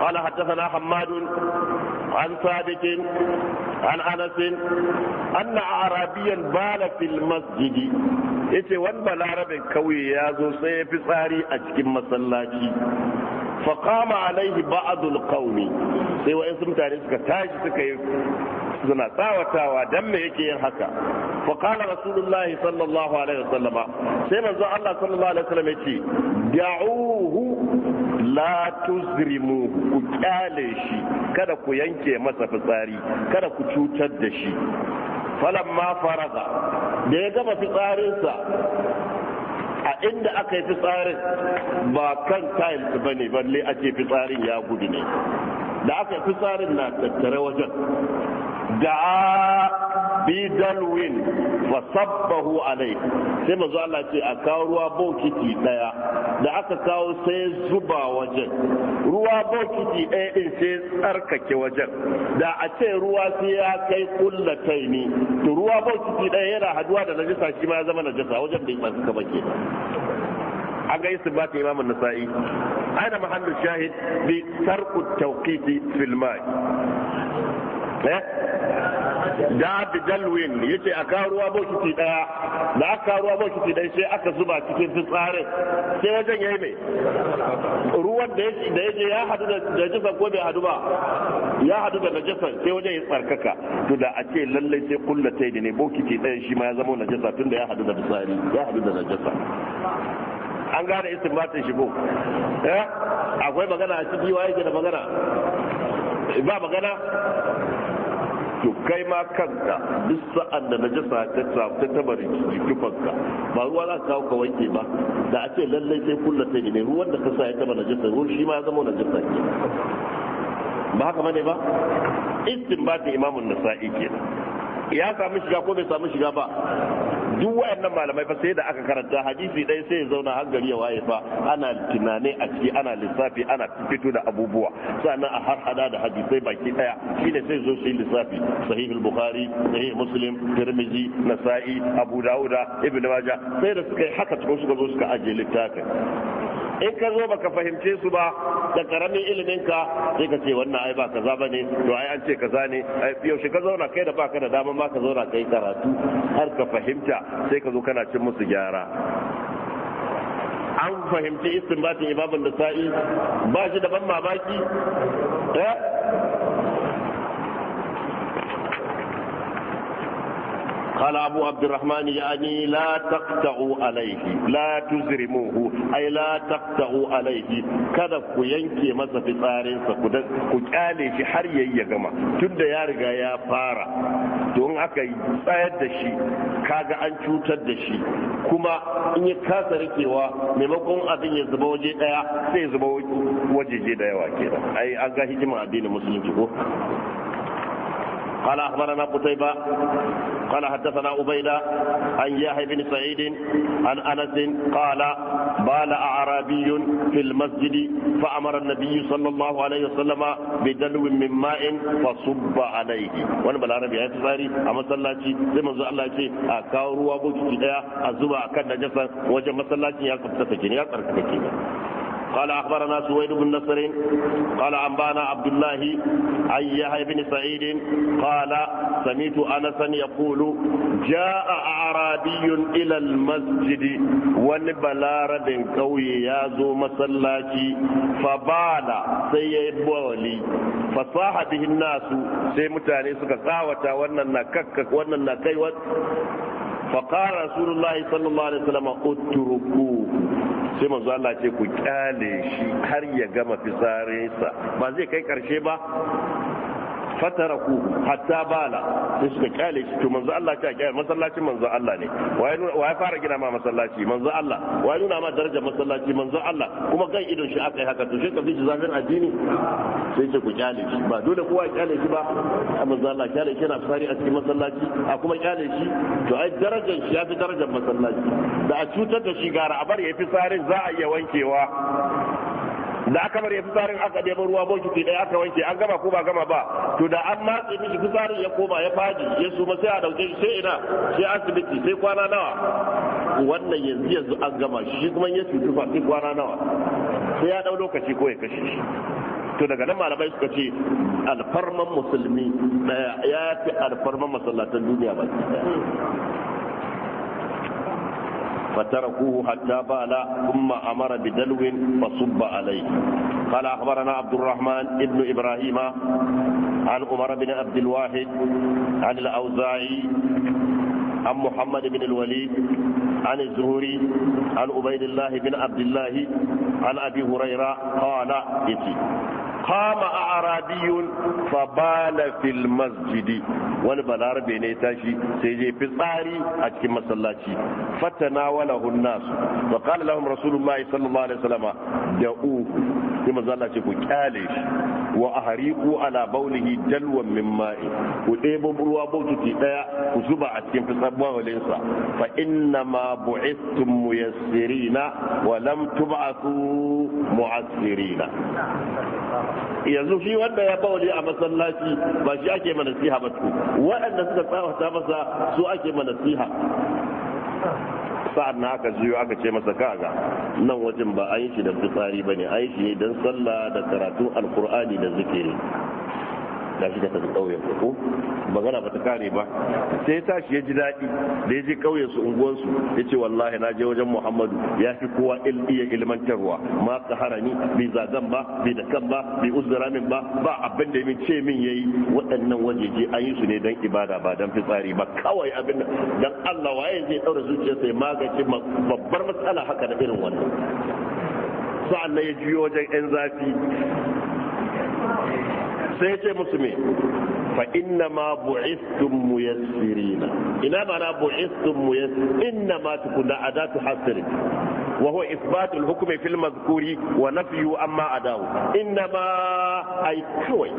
قال حدثنا حماد عن ثابت عن انس ان اعرابيا بال في المسجد yace wani balarabin kauye ya zo sai ya fi tsari a cikin masallaci faƙama alaihi ba'adul qaumi sai wa'insu mutane suka tashi suka yi suna tsawatawa dan me yake yin haka fa qala rasulullahi sallallahu alaihi wasallam sai manzo Allah sallallahu alaihi wasallam ce, da'uhu la tuzrimu ku kyale shi kada ku yanke masa fitsari kada ku cutar da shi falamma faraga da ya gama fitsarinsa a inda aka yi fitsarin ba kan tiles ba ne balle ake fitsarin ya gudu ne da aka yi fitsarin na tattare wajen da'a bidalwin wa sabbahu alai sai mazu Allah ce a kawo ruwa bokiti ɗaya, da aka kawo sai zuba wajen ruwa bokiti daya din sai tsarkake wajen da a ce ruwa sai ya kai kullatai ne to ruwa bokiti ɗaya yana haduwa da najasa shi ma ya zama najasa wajen bai ba an ga isin bata imamun nasa'i aina mahallin shahid bi tarku tawqiti Eh? da dalwin yace a karuwa bokiti daya da aka karuwa bokiti daya sai aka zuba cikin fitsarin sai wajen yayi mai ruwan da yake ya hadu da najasa ko bai hadu ba ya hadu da najasa sai wajen ya tsarkaka to da a ce lallai sai kullatai da ne bokiti daya shi ma ya zama najasa tunda ya hadu da fitsari ya hadu da najasa an gane istinbatin shigo eh? akwai magana a ciki wa yake da magana ba magana to kai ma kanka duk sa'an da jasa ta ta tabari tufanka ba ruwa za ka kawo ka wanke ba da a ce lallai sai kulla sai ne ruwan da ka sa ya taba na jasa, ruwan shi ma ya zama na jasa ke ba haka bane ba ta imamun nasa'i ke ya samu shiga ko bai samu shiga ba duk wayannan malamai fa sai da aka karanta hadisi dai sai ya zauna har gari ya waye fa ana tunane a ciki ana lissafi ana fito da abubuwa sannan a har hada da hadisai baki daya shine sai zo shi lissafi sahih al-bukhari sahih muslim tirmidhi nasa'i abu dauda ibn majah sai da suka yi haka suka zo suka aje littafin in ka zo baka fahimce su ba da karamin ilimin ka sai ka ce wannan ai ba kaza bane to ai an ce kaza ne ai yaushe ka zauna kai da baka da dama ma ka zauna kai karatu har ka fahimta sai ka zo kana cin musu gyara an fahimci istinbatin ibabin da sa'i ba shi da ban mamaki eh? قال abu عبد الرحمن يعني لا تقطعوا عليه لا تزرموه أي لا عليه kada ku yanke masa sa ku kyale shi har yayi ya gama tunda ya riga ya fara don aka yi tsayar da shi kaga an cutar da shi kuma in ya kasa rikewa maimakon abin ya zuba waje daya sai zuba wajeje da yawa kenan ai an ga hikima addinin musulunci ko قال أخبرنا قتيبة قال حدثنا عبيدة عن يحيى بن سعيد عن أنس قال بال أعرابي في المسجد فأمر النبي صلى الله عليه وسلم بدلو من ماء فصب عليه وانا بالعربي يا تساري أما صلاتي زي ما الله يتي أكاو روا بوكي أزوبا أكاد نجسا وجه مسلاتي يا كبتتكين يا كبتتكين قال أخبرنا سويد بن نصر قال أنبانا عبد الله عن يحيى بن سعيد قال سمعت أنسا يقول جاء أعرابي إلى المسجد ونبلار بن قوي يازو مسلاتي فبال سيبولي fasaha bihin nasu sai mutane suka tsawata wannan na kakka wannan na kai wa fa qala rasulullahi sallallahu alaihi wasallam utruku sai manzo Allah ce ku kyale shi har ya gama fitsarinsa ba zai kai karshe ba ku hatta bala sai suka kyale shi to manzo Allah ta kyale masallacin manzo Allah ne wai fara gina ma masallaci manzo Allah wai nuna ma darajar masallaci manzo Allah kuma kan idon shi aka yi haka to shi ka shi zafin addini sai ce ku kyale shi ba dole kowa ya kyale shi ba manzo Allah kyale shi yana fari a cikin masallaci a kuma kyale shi to ai darajar shi ya fi darajar masallaci da a cutar da shi gara a bar ya fi sarin za a iya wankewa da aka bar ya fitsarin aka ɗebo ruwa bokiti ɗaya aka wanke an gama ko ba gama ba to da an matse mishi fitsarin ya koma ya faji ya suma sai a dauke shi sai ina sai asibiti sai kwana nawa wannan yanzu yanzu an gama shi kuma ya cutu fa sai kwana nawa sai ya dau lokaci ko ya kashe shi to daga nan malamai suka ce alfarman musulmi ya fi alfarman masallatan duniya ba فتركوه حتى بال ثم أمر بدلو فصب عليه قال أخبرنا عبد الرحمن ابن إبراهيم عن عمر بن عبد الواحد عن الأوزاعي عن محمد بن الوليد عن الزهري عن عبيد الله بن عبد الله عن أبي هريرة قال إتي qama a'rabiyun fa bala fil masjidi wani balarabe ne ya tashi sai je fitsari a cikin masallaci fatana wala hunnas wa qala lahum rasulullahi sallallahu alaihi wasallam da'u sai manzo Allah ce ku kyale shi wa ahriqu ala bawlihi dalwan min ma'i ku debo ruwa bokiti daya ku zuba a cikin fitsabuwalin sa fa inna ma bu'istum muyassirina wa lam tub'athu mu'assirina yanzu shi wanda ya bawli a masallaci ba shi ake manasiha ba su waɗanda suka tsawata masa su ake mana manasiha sa'ad na aka juyo aka ce masa kaga nan wajen ba an yi shi da fitsari bane an yi shi ne don sallah da karatun alkur'ani da zikiri gashi da tafi ƙauyen ko magana ba ta kare ba sai ya tashi ya ji daɗi da ya je ƙauyen su unguwan su ya ce wallahi na je wajen Muhammadu ya fi kowa iya ilmantarwa ma ka harani bi zagan ba bi da kan ba bi uzura min ba ba abin da ya ce min yayi waɗannan wajeje an yi su ne don ibada ba don fitsari ba kawai abin dan Allah waye zai daura zuciyarsa ya magance babbar matsala haka da irin wannan sa'an nan ya juyo wajen 'yan zafi sai ce musume fa inna ma bu'ithtum muyassirin ina ma na bu'ithtum muyassir inna ma tukunna adatu hasirin wa huwa isbatul hukmi fil mazkuri wa nafyu amma adahu inna ma ay kawai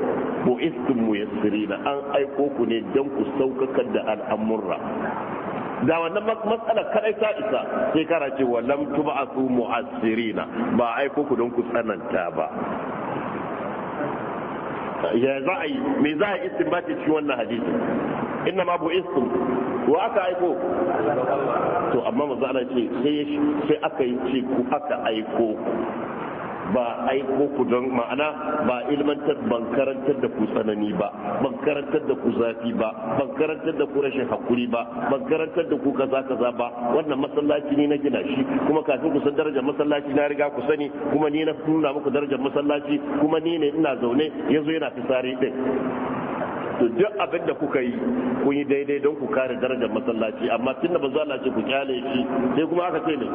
bu'ithtum muyassirin an ay ku ne dan ku saukaka da al'amurra da wannan matsalar kadai ta isa sai kara cewa lam tuba'athu mu'assirina ba ai ku don ku tsananta ba ya za a yi me za a yi istinbati cikin wannan hadisi inna ma bu'istum wa aka aiko to amma manzo Allah ce sai sai aka yi ce ku aka aiko ba aiko ku don ma'ana ba ilmantar ban karantar da ku tsanani ba ban karantar da ku zafi ba ban karantar da ku rashin hakuri ba ban karantar da ku kaza kaza ba wannan masallaci ne na gina shi kuma kafin ku san darajar masallaci na riga ku sani kuma ni na nuna muku darajar masallaci kuma ni ne ina zaune yanzu yana fitsari din to duk abin da kuka yi kun yi daidai don ku kare darajar masallaci amma tun da manzo a ce ku kyale shi sai kuma aka ce ne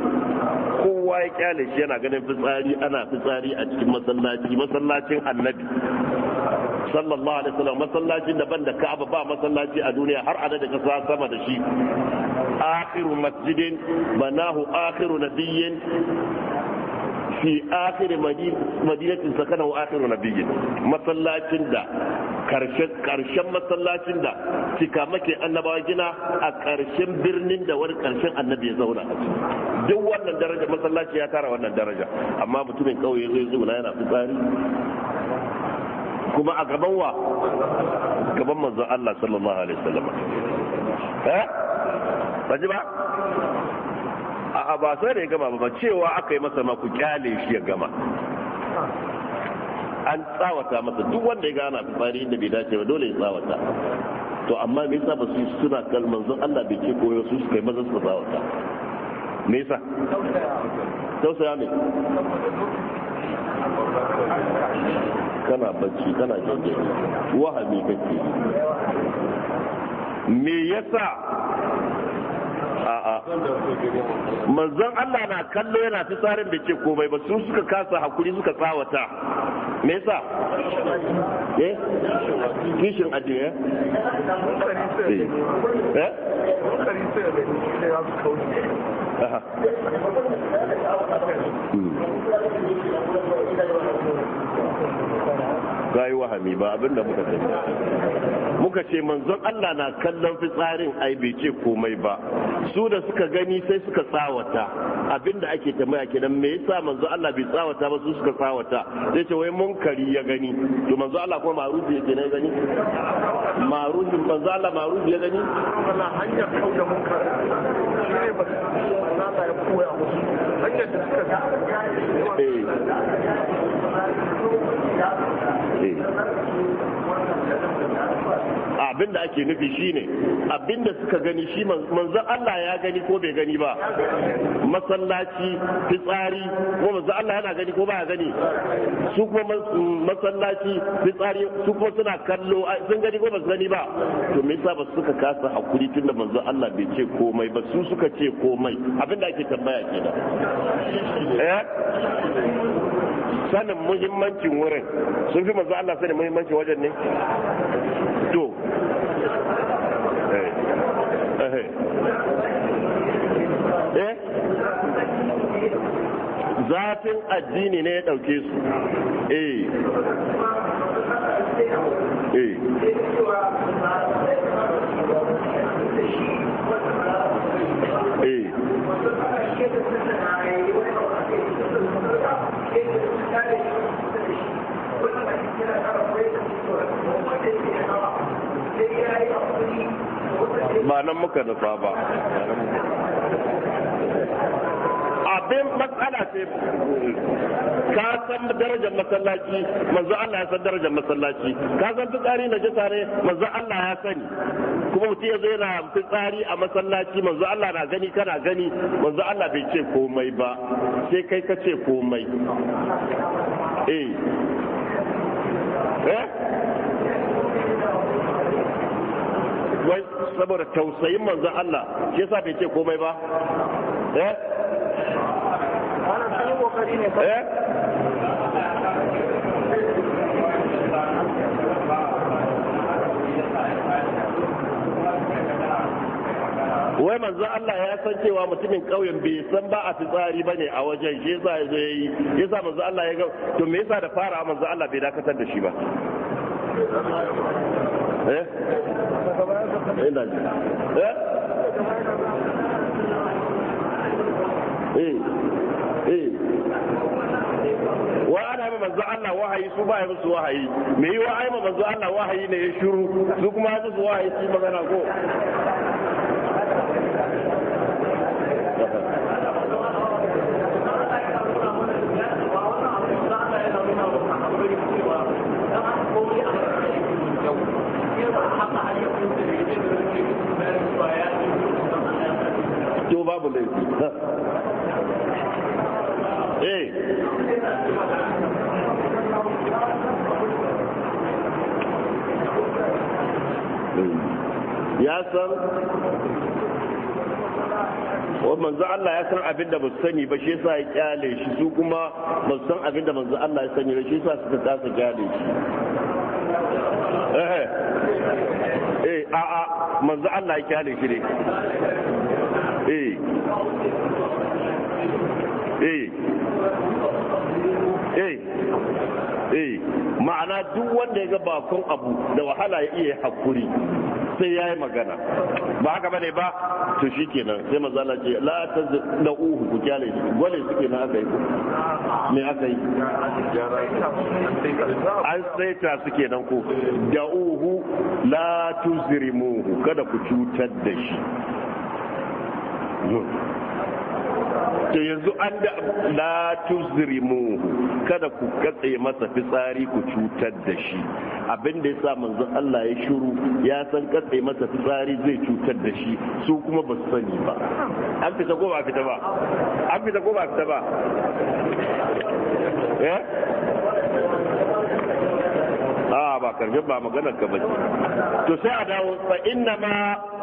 kowa ya kyale shi yana ganin fitsari ana fitsari a cikin masallaci masallacin annabi sallallahu alaihi wasallam masallacin daban da Ka'aba ba masallaci a duniya har ka kasa sama da shi akhiru masjidin banahu akhiru nabiyyin fi akhir madinatin sakana wa akhiru nabiyyin masallacin da karshen karshen masallacin da cika make annabawa gina a karshen birnin da wani karshen annabi ya zauna duk wannan daraja masallaci ya tara wannan daraja amma mutumin kauye ya zo yana fitsari kuma a gaban wa gaban manzon Allah sallallahu alaihi wasallam eh ba ji ba a ba sai da ya gama ba cewa aka yi masa ma ku kyale shi ya gama an tsawata masa duk wanda ya gana fari da bai dace ba dole ya tsawata to amma me yasa ba su suna kalman zan Allah bai ke koyo su suka yi maza su tsawata me yasa tausaya ne kana bacci kana jirgi wahabi kake me yasa a'a manzon Allah na kallo yana ta tsarin da ke komai ba su suka kasa hakuri suka tsawata me yasa eh kishin eh eh, eh? Hmm. ka yi wahami ba abinda muka sani muka ce manzon Allah na kallon fitsarin ai bai ce komai ba su da suka gani sai suka tsawata abinda ake tambaya kenan me yasa manzon Allah bai tsawata ba su suka tsawata sai ce wai munkari ya gani to manzon Allah kuma maruzi yake ne gani maruzi manzon Allah maruzi ya gani wannan hanyar kauda munkari shi ba Allah ya koya musu hanyar da suka ga eh abin da ake nufi shine abin da suka gani shi manzon Allah ya gani ko bai gani ba masallaci fitsari ko manzon Allah yana gani ko ba gani su kuma masallaci fitsari su kuma suna kallo sun gani ko ba su gani ba to me yasa ba suka kasa hakuri tunda manzon Allah bai ce komai ba su suka ce komai abin da ake tambaya kenan eh sanin muhimmancin wurin sun fi manzo Allah sanin muhimmancin wajen ne to eh, eh. eh. zafin addini ne ya dauke su eh eh eh ba nan muka nufa ba abin matsala ce ka san darajar masallaci manzo Allah ya san darajar masallaci ka san fitsari na ne manzo Allah ya sani kuma mutum ya zo yana fitsari a masallaci manzo Allah na gani kana gani manzo Allah bai ce komai ba sai kai ka ce komai eh Eh? wai saboda tausayin manzon Allah shi yasa bai ce komai ba eh wai manzo Allah ya san cewa mutumin ƙauyen bai san ba a fitsari bane a wajen shi yasa ya zo yayi yasa manzo Allah ya ga to me yasa da fara manzo Allah bai dakatar da shi ba eh eh eh? Eh, eh wa ana ma manzo Allah wahayi su ba yi musu wahayi me yi wa ai ma manzo Allah wahayi ne ya shiru su kuma su musu wahayi su magana ko to babu laifi [LAUGHS] eh hmm. ya san manzo Allah ya san abin da ba sani ba shi yasa ya kyale shi su kuma ba san abin da manzo Allah ya sani ba shi yasa suka tsasa kyale shi eh. eh a a manzo Allah ya kyale shi ne eh eh eh eh ma'ana duk wanda ya ga bakon abu da wahala ya iya hakuri sai ya yi magana ba haka bane ba to kenan sai mazala ce la uhu ku kyale shi gwale shi kenan aka yi me aka yi an sai ta su kenan ko uhu la tuzrimuhu kada ku cutar da shi to yanzu an da la tuzrimu kada ku katse masa fitsari ku cutar da shi abin da yasa manzo Allah ya shiru ya san katse masa fitsari zai cutar da shi su kuma ba su sani ba an fita ko ba fita ba an fita ko ba fita ba eh ba karbi ba maganar ka bace to sai a dawo fa inna ma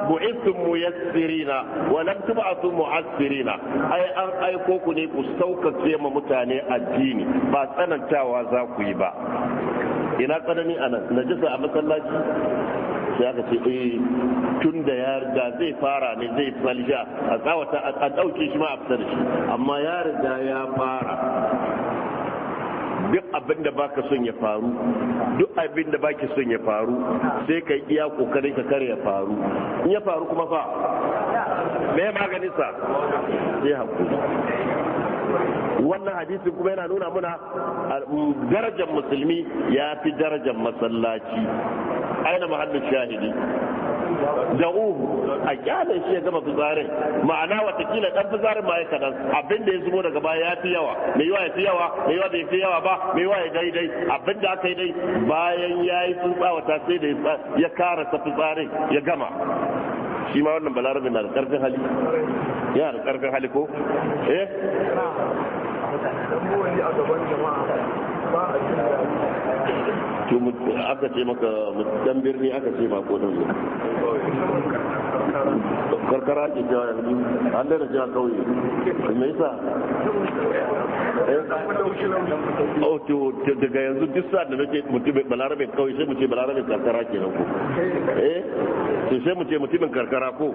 bu'ithum muyassirina wa lam tub'athu mu'assirina ai an aiko ku ne ku saukace ma mutane addini ba tsanantawa za ku yi ba ina kadani anan najisa a masallaci sai aka ce eh tun da ya riga zai fara ne zai falja a tsawata a ɗauke shi ma a fitar shi amma ya riga ya fara duk abin da baka son ya faru duk abin da baki son ya faru sai ka yi iya kokarin ka kare ya faru in ya faru kuma fa me maganin sa sai wannan hadisin kuma yana nuna muna darajar musulmi ya fi darajar masallaci aina mahallin shahidi da'uhu a kyale shi ya gama fitsarin ma'ana watakila dan fitsarin ma ya kadan abin da ya zubo daga baya ya fi yawa mai yawa ya fi yawa mai yawa bai fi yawa ba mai yawa ya daidai abin da aka yi dai bayan ya yi tsutsawata sai da ya karasa fitsarin ya gama shi ma wannan balarabe na da karfin hali ya da karfin hali ko eh to aka ce maka dan birni aka ce ma ko dan karkara ke cewa yanzu an da cewa kauye me yasa eh, oh to daga yanzu duk sa da nake mutum balarabe kauye sai mu ce balarabe karkara ke nan ko eh to sai mu ce mutumin karkara ko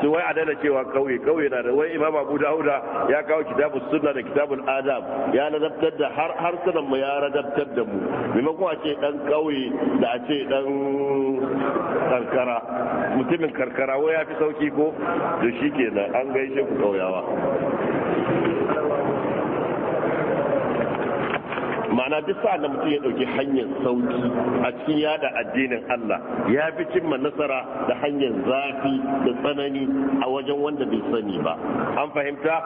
sai wai adala daina cewa kauye kauye na da wai imam abu dauda ya kawo kitabus sunna da kitabul adab ya ladabtar da har har sanan mu ya radabtar da mu maimakon a ce dan kauye da a ce dan karkara mutumin karkara wai ya fi sauki ko da shi kenan an gaishe ku kauyawa ma'ana duk sa'an da mutum ya dauki hanyar sauki a cikin yada addinin Allah ya fi cimma nasara da hanyar zafi da tsanani a wajen wanda bai sani ba an fahimta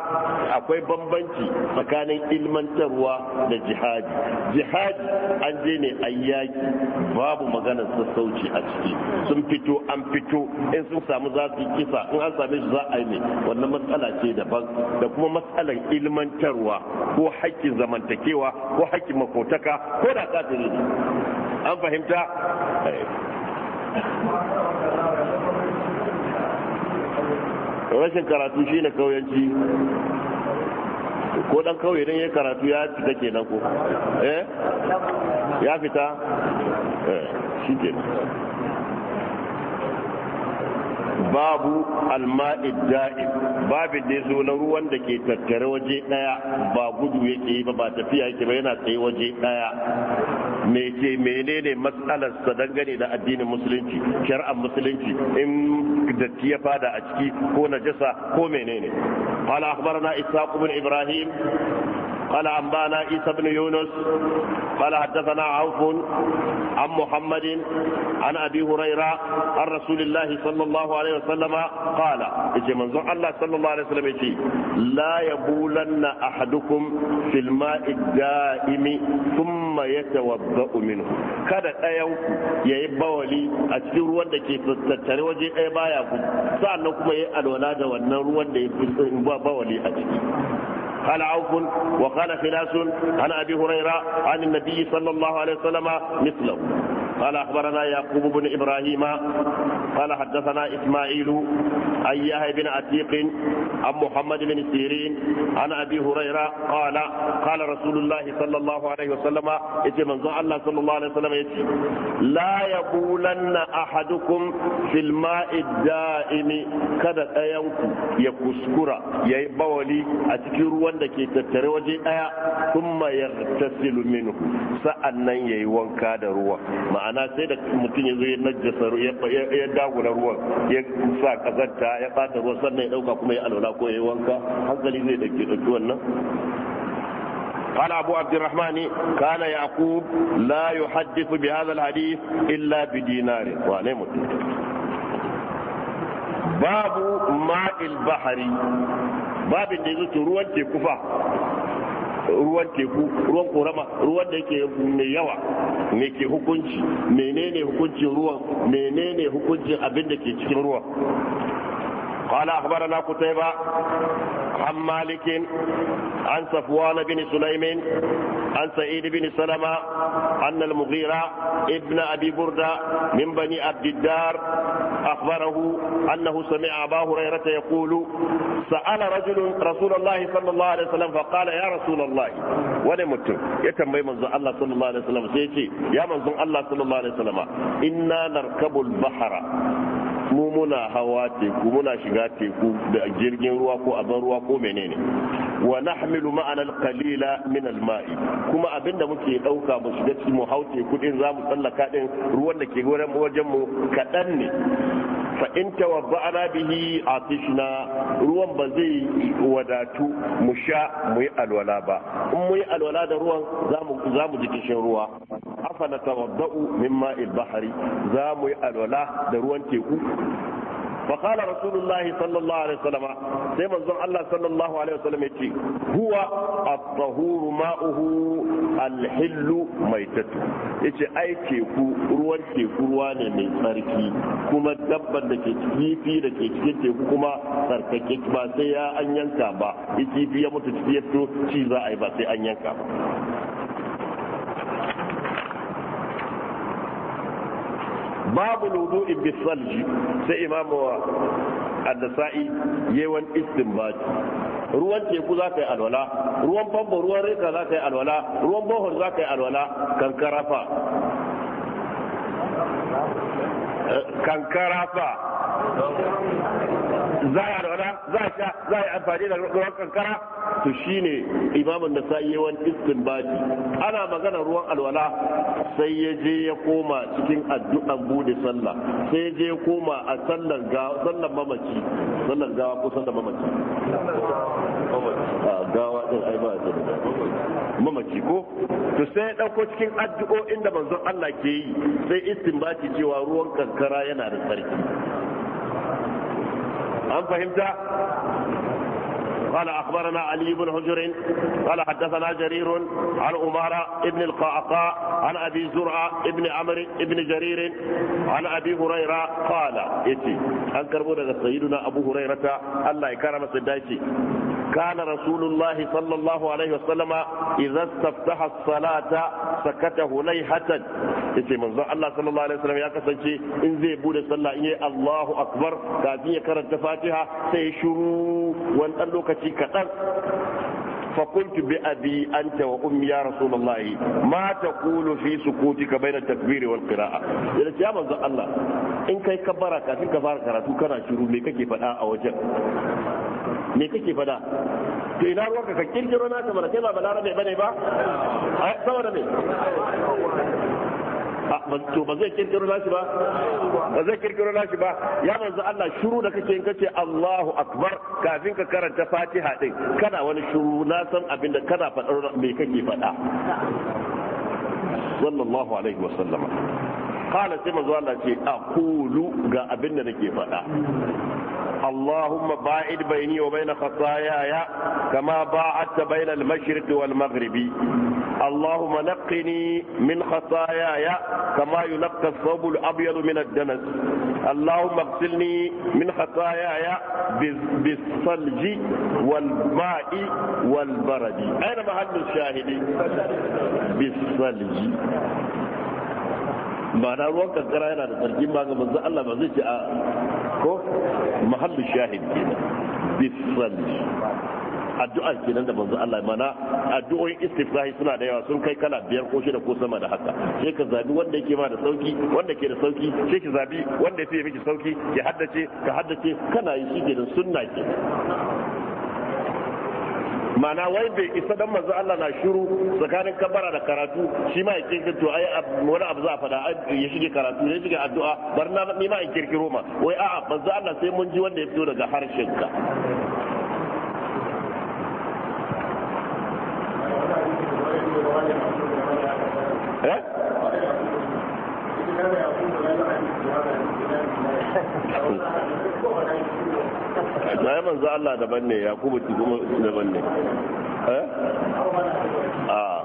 akwai bambanci tsakanin ilmantarwa da jihadi jihadi an je ne a yaki babu maganar sassauci a ciki sun fito an fito in sun samu za su kisa in an same shi za a yi ne wannan matsala ce daban da kuma matsalar ilmantarwa ko haƙƙin zamantakewa ko haƙƙin cikin makotaka ko da kafiri ne an fahimta rashin karatu shi ne kauyanci ko dan kauye don ya karatu ya fita nan ko eh ya fita eh shi kenan babu alma'id da'im babin da zo na ruwan da ke tattare waje daya ba gudu yake yi ba ba tafiya yake ba yana tsaye waje daya me ce menene matsalar sa dangane da addinin musulunci shar'an musulunci in datti ya fada a ciki ko najasa ko menene qala akhbarana ishaq ibn ibrahim قال أنبانا عيسى بن يونس قال حدثنا عوف عن محمد عن أبي هريرة عن رسول الله صلى الله عليه وسلم قال يجي منظر الله صلى الله عليه وسلم يجي لا يبولن أحدكم في الماء الدائم ثم يتوضأ منه kada ɗayanku ya yi bawali a cikin ruwan da ke tattare waje ɗaya baya ku sa'annan kuma ya yi alwala da wannan ruwan da ya fi bawali a ciki قال عوف وقال خلاس عن أبي هريرة عن النبي صلى الله عليه وسلم مثله قال أخبرنا يعقوب بن إبراهيم قال حدثنا إسماعيل عن يحيى بن عتيق عن محمد بن سيرين عن أبي هريرة قال قال رسول الله صلى الله عليه وسلم إتي من الله صلى الله عليه وسلم إتي لا يقولن أحدكم في الماء الدائم كذا أيانكم يكسكرا يبولي أتكير وندك يتتري وجه أيا ثم يغتسل منه سأنن يوانكا دروا معنى ma'ana sai da mutum ya zo ya najjasa ya dagula ruwan ya sa kazanta ya bata ruwan sannan ya dauka kuma ya alwala ko ya yi wanka hankali zai dauke dauki wannan قال أبو عبد الرحمن كان يعقوب لا يحدث بهذا الحديث إلا بدينار وعليه باب ماء البحر باب da ya zuci ruwan ruwan teku ruwan korama ruwan da yake mai yawa ne ke hukunci menene hukuncin ruwan menene hukuncin abin da ke cikin ruwan قال أخبرنا قتيبة عن مالك عن صفوان بن سليم عن سعيد بن سلمة أن المغيرة ابن أبي بردة من بني عبد الدار أخبره أنه سمع أبا هريرة يقول سأل رجل رسول الله صلى الله عليه وسلم فقال يا رسول الله wani mutum ya tambayi manzon Allah sallallahu alaihi wasallam sai ya ce ya manzon Allah sallallahu alaihi wasallam inna narkabul bahara mu muna hawa teku muna shiga teku da jirgin ruwa ko abin ruwa ko menene wa nahmilu ma'ana alqalila min alma'i kuma abinda muke dauka mu shiga cikin mu hau teku din zamu tsallaka din ruwan da ke wajen mu kadan ne fa in tawabba'na bihi atishna ruwan ba zai wadatu mu sha mu yi alwala ba in mu yi alwala da ruwan za mu ji kishin ruwa afana tawabba'u min ma'il bahari za mu yi alwala da ruwan teku fa qala rasulullah sallallahu alaihi wasallam sai manzon Allah sallallahu alaihi wasallam yace huwa at-tahuru al-hillu maitatu yace ai teku ruwan teku ruwa ne mai tsarki kuma dabbar da ke kifi da ke cikin teku kuma tsarkake ba sai ya an yanka ba kifi ya mutu ciki ya fito ci za a yi ba sai an yanka ba babu ludu wudu'in bisalji sai imamu annasa'i yawan istinbati ruwan teku za ka yi alwala ruwan famfo ruwan rika za ka yi alwala ruwan bohol za ka yi alwala kankara fa eh, kankara fa za a rana za a sha za a yi amfani da ruwan kankara to shi ne, imamun da sai yawan baji ana magana ruwan alwala sai ya je ya koma cikin addu'an bude sallah sai ya je ya koma a sallar gawa sallar mamaci sallar gawa ko sallar mamaci ah, gawa din ai ba ta mamaci ko to sai ya dauko cikin addu'o'in da manzon Allah ke yi sai istinbati cewa ruwan kankara yana da tsarki أن فهمت؟ قال أخبرنا علي بن حجر قال حدثنا جرير عن أمارة ابن القعقاع عن أبي زرعة ابن عمر ابن جرير عن أبي هريرة قال إتي أنكر سيدنا أبو هريرة الله يكرم سيدنا كان رسول الله صلى الله عليه وسلم إذا استفتح الصلاة سكت هليهة yace manzon Allah sallallahu alaihi wasallam ya kasance in zai buɗe sallah in yi Allahu akbar kafin ya karanta Fatiha sai shiru wani dan lokaci kaɗan. fa qultu bi abi anta wa ummi ya mata ma taqulu fi sukutika bayna takbiri wal qira'a yace ya manzon Allah in kai ka baraka kafin ka fara karatu kana shiru me kake faɗa a wajen me kake fada to ina ruwanka ka kirkiro na kamar kai ba balarabe bane ba A da me to ba zai kirkiro nashi ba ba zai kirkiro nashi ba ya manzo Allah shuru da kake yin kace Allahu akbar kafin ka karanta Fatiha din kana wani shuru na san abin da kana faɗar me kake faɗa sallallahu alaihi wa sallama qala sai manzo Allah ce aqulu ga abin da nake faɗa اللهم باعد بيني وبين خطاياي كما باعدت بين المشرق والمغرب اللهم نقني من خطاياي كما ينقى الثوب الابيض من الدنس اللهم اغسلني من خطاياي بالثلج والماء والبرد اين محل الشاهد بالثلج ba ruwan kankara yana da tsarki ba ga manzo Allah ba zai ci a ko mahallu shahid kenan bisalli addu'ar kenan da manzo Allah mana addu'o'in istifrahi suna da yawa sun kai kala biyar ko shida ko sama da haka sai ka zabi wanda yake ma da sauki wanda ke da sauki sai ki zabi wanda yake miki sauki ki haddace ka haddace kana yi shi kenan sunna ke ma'ana wai bai isa dan manzo Allah na shiru tsakanin kabara da karatu shi ma yake kinto ai wani abu za a fada ya shige karatu ya shige addu'a bar na ni ma in kirkiro ma wai a'a manzo Allah sai mun ji wanda ya fito daga harshen ka eh na yi manzo Allah daban ne ya kuma ci daban ne eh? ah.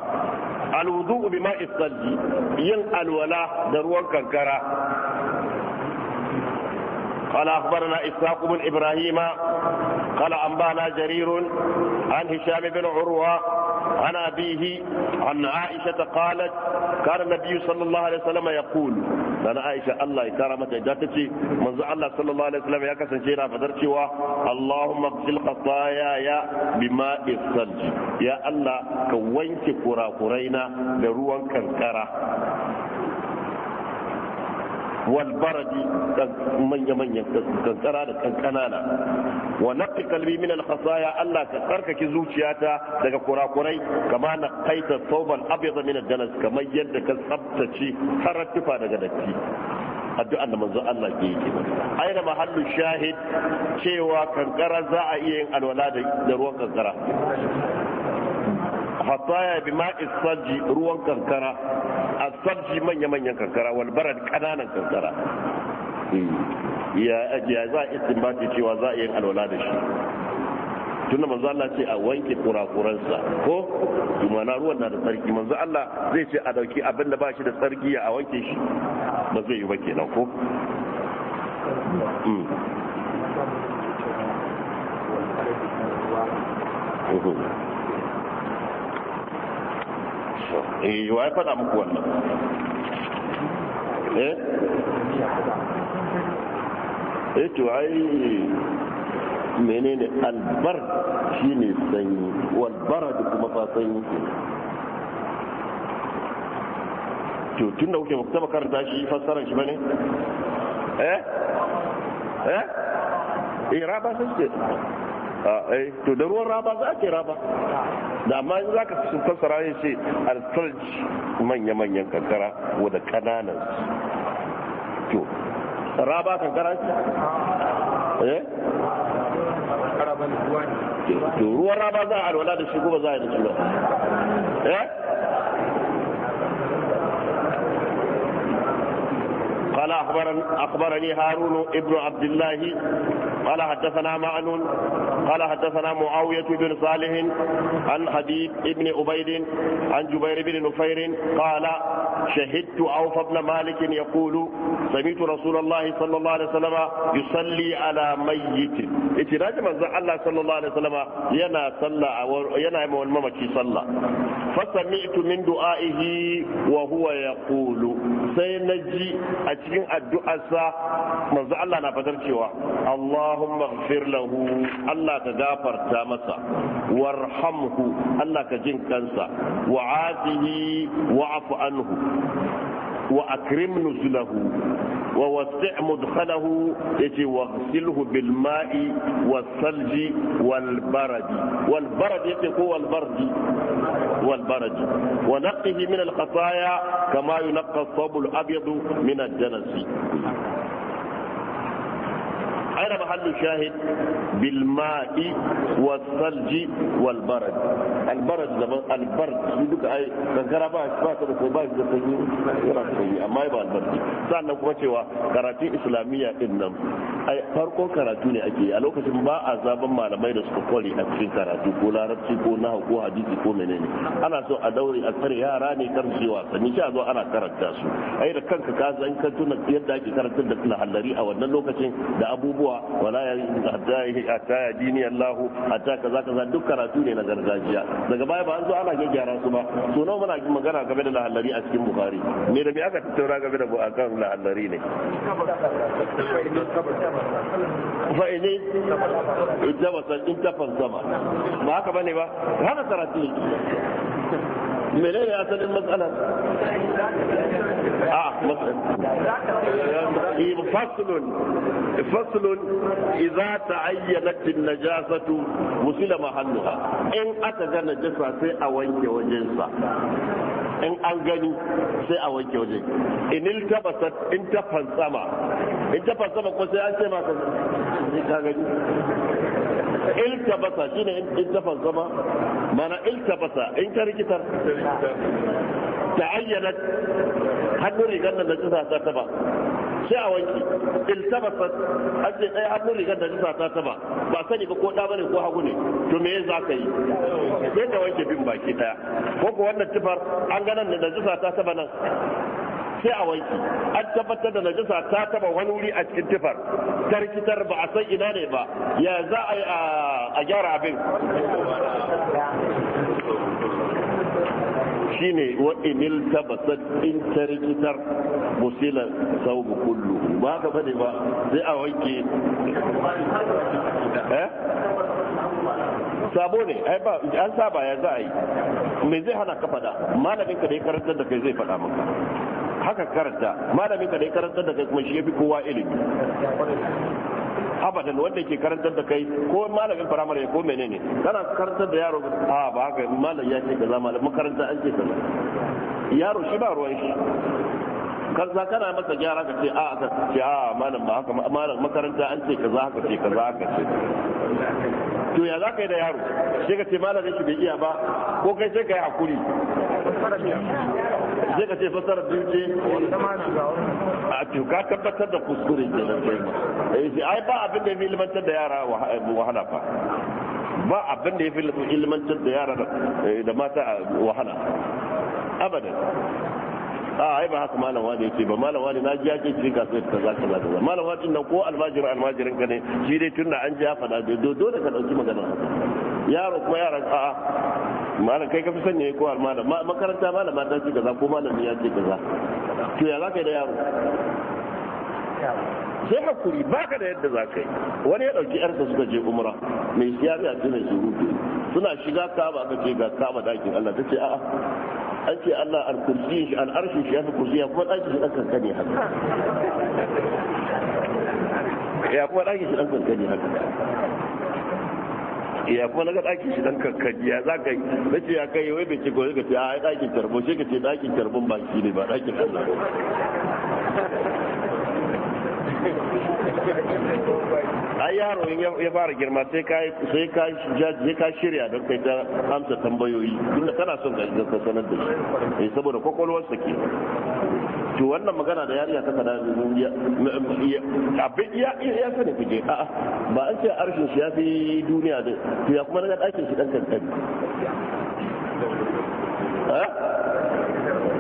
alwudu bi ma'i sadi yin alwala da ruwan kankara قال أخبرنا إسحاق بن إبراهيم قال أنبانا جرير عن هشام بن عروة عن أبيه عن عائشة قالت كان النبي صلى الله عليه وسلم يقول أنا عائشة الله كرمت جاتتي منذ الله صلى الله عليه وسلم يكسن سنشيرا فدرتي اللهم اغسل خطاياي بماء الثلج يا الله كوينك كرا كرينا لروان كنكرة والبرد من يمن كنكرا كنكنانا ونقي قلبي من الخصايا الله كترك كزوجياتا daga kurakurai kama na kaita tauban abiyar min danas kamar yadda ka tsaftace farar tufa daga datti addu'an da manzo Allah ke yi aina mahallu shahid cewa kankara za a iya yin alwala da ruwan kankara hataya bi ma'is sarji ruwan kankara a sarji manya-manyan kankara walbarar kananan kankara hmm. ya za a ce cewa za a yin alwala da shi tunda manzo Allah ce a wanke kurakuransa ko na ruwan na da tsarki manzo Allah zai ce a dauki abin da ba shi da tsarki a wanke shi ba zai yi ba kenan ko Mm-hmm. eh wa ya faɗa muku wannan eh eh to ai menene albar shine sanyi walbarad kuma fa sanyi to tun da kuke taba karanta shi fassarar shi bane eh eh iraba eh, sai ai ah, eh, to da ruwan raba za ke raba da amma in zaka fassara ya ce alsalj manya-manyan kankara wadda kananan to raba kankara ce eh to ruwan raba za a alwala da shi ko ba za a yi da shi ba eh قال أخبرني, أخبرني هارون ابن عبد الله قال حدثنا معن قال حدثنا معاوية بن صالح عن حبيب ابن عبيد عن جبير بن نفير قال شهدت أوف بن مالك يقول سمعت رسول الله صلى الله عليه وسلم يصلي على ميت اتراج من الله صلى الله عليه وسلم ينا صلى ينا ممكي صلى فسمعت من دعائه وهو يقول sai na ji a cikin addu'arsa manzo Allah na fadar cewa Allahumma ighfir lahu Allah ka gafarta masa warhamhu Allah ka jin kansa wa atihi anhu wa akrim nuzulahu ووسع مدخله يتي واغسله بالماء والثلج والبرد والبرد يتي هو البرد والبرد ونقه من الخطايا كما ينقى الصوب الأبيض من الدنس أين محل الشاهد بالماء والثلج والبرد البرد البرد يدك أي كنكرا باش باش باش باش باش amma ba albarki sannan kuma cewa karatun islamiyya din nan ai farkon karatu ne ake a lokacin ba a zaben malamai da suka kware a karatu ko larabci ko nahu ko hadisi ko menene ana so a daure a tsare yara ne kar su wasanni sai a zo ana karanta su ai da kanka ka san ka yadda ake karantar da lahallari a wannan lokacin da abubuwa kuwa wala ya hatta hatta ya dini Allah hatta kaza kaza duk karatu ne na gargajiya daga baya ba an zo ana gyara su ba to nawa muna magana game da lahallari a cikin Bukhari me da me aka tattauna game da akan lahallari ne fa ine idan tabasa in tafas zama ba haka bane ba hana karatu menene asalin matsalar a ah, eh, faslun faslun idza ta'ayyanat an-najasatu musila mahalluha in aka ga najasa sai a wanke wajensa in an gani sai a wanke waje in iltabasat in ta fansama in ta fansama ko sai an ce maka ka gani iltabasa shine iltafan sama mana iltabasa in ka rikitar ta ayyana hannun rigar nan da jisa ta taba sai a wanki iltabasa an ce ɗaya hannun rigar da jisa ta taba ba sani ba ko ɗa bane ko hagu ne to me za ka yi sai ka wanke bin baki ɗaya ko ko wannan tufar an ganan da jisa ta taba nan sai a wanki an tabbatar da najasa ta taba wani wuri a cikin tufar tarkitar ba a san ina ne ba ya za a yi a gyara abin shi ne wa inil tabasat in ta rikitar musila sau kullu ba ka bane ba sai a wanke eh? sabo ne ai ba an saba ya za a yi me zai hana ka fada malamin ka da ya karanta da kai zai fada maka haka karanta malamin ka ne karanta da kai kuma shi yafi kowa ilimi abadan wanda ke karantar da kai ko malamin firamare ko menene kana karantar da yaro a ba haka malam ya ce za malam makaranta an ce kaza yaro shi ba ruwan shi kaza kana masa gyara ka ce a aka ce a malam ba haka malam makaranta an ce kaza haka ce kaza haka ce to ya za ka yi da yaro sai ka ce malamin shi bai iya ba ko kai sai ka yi hakuri sai ka ce fasara biyu ce a to ka tabbatar da kuskure ke nan sai ma eh, ai ba abin da ya fi da yara wahala ba. ba abin da ya fi ilmantar da yara da eh, mata wahala abadan a ai ba haka malam wani yace ba malam wani na naji yake ji ka sai kaza kaza kaza malam wani nan ko almajirin almajirin ka ne shi dai tunda an ji ya fada dole ka dauki magana yaro kuma yara a malam kai ka fi sanya ko malam makaranta malama ta ce kaza ko malam ya ce kaza to ya zaka yi da yaro sai hakuri ka da yadda za ka yi wani ya ɗauki yarsa suka je umra mai siya biya ce mai surutu suna shiga kaba aka ce ga kaba dakin Allah ta ce a'a an ce Allah al-kursi shi al-arshi shi ya fi kursi ya kuma dakin shi ɗan kankani haka ya kuma dakin shi ɗan kankani haka ya kuma naga ɗakin shi dan kakkaji ya zaka yi ce ya kai wai bai ce ko ka ce a ah, ɗakin karbo shi ka ce ɗakin ba shi ne ba ɗakin Allah ai yaro in ya fara girma sai ka sai ka sai ka shirya don kai ta amsa tambayoyi inda kana son ka sanar da shi eh, saboda kwakwalwarsa ke to wannan magana da yariya ta faɗa abin ya ya sani kuje a ba an ce arshin shi ya fi duniya da to ya kuma daga dakin shi dan kankan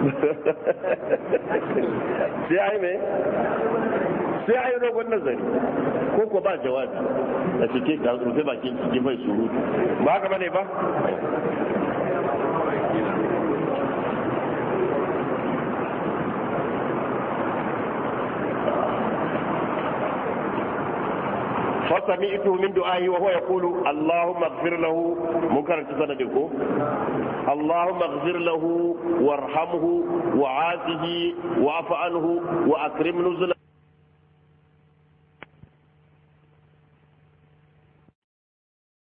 [LAUGHS] sai ai me sai ai dogon nazari ko ko ba jawabi da cike ka rufe bakin cikin mai surutu ba haka bane ba فسمعته من دعائه وهو يقول اللهم اغفر له منكر تسندكو اللهم اغفر له وارحمه وعافه واعف عنه واكرم نزله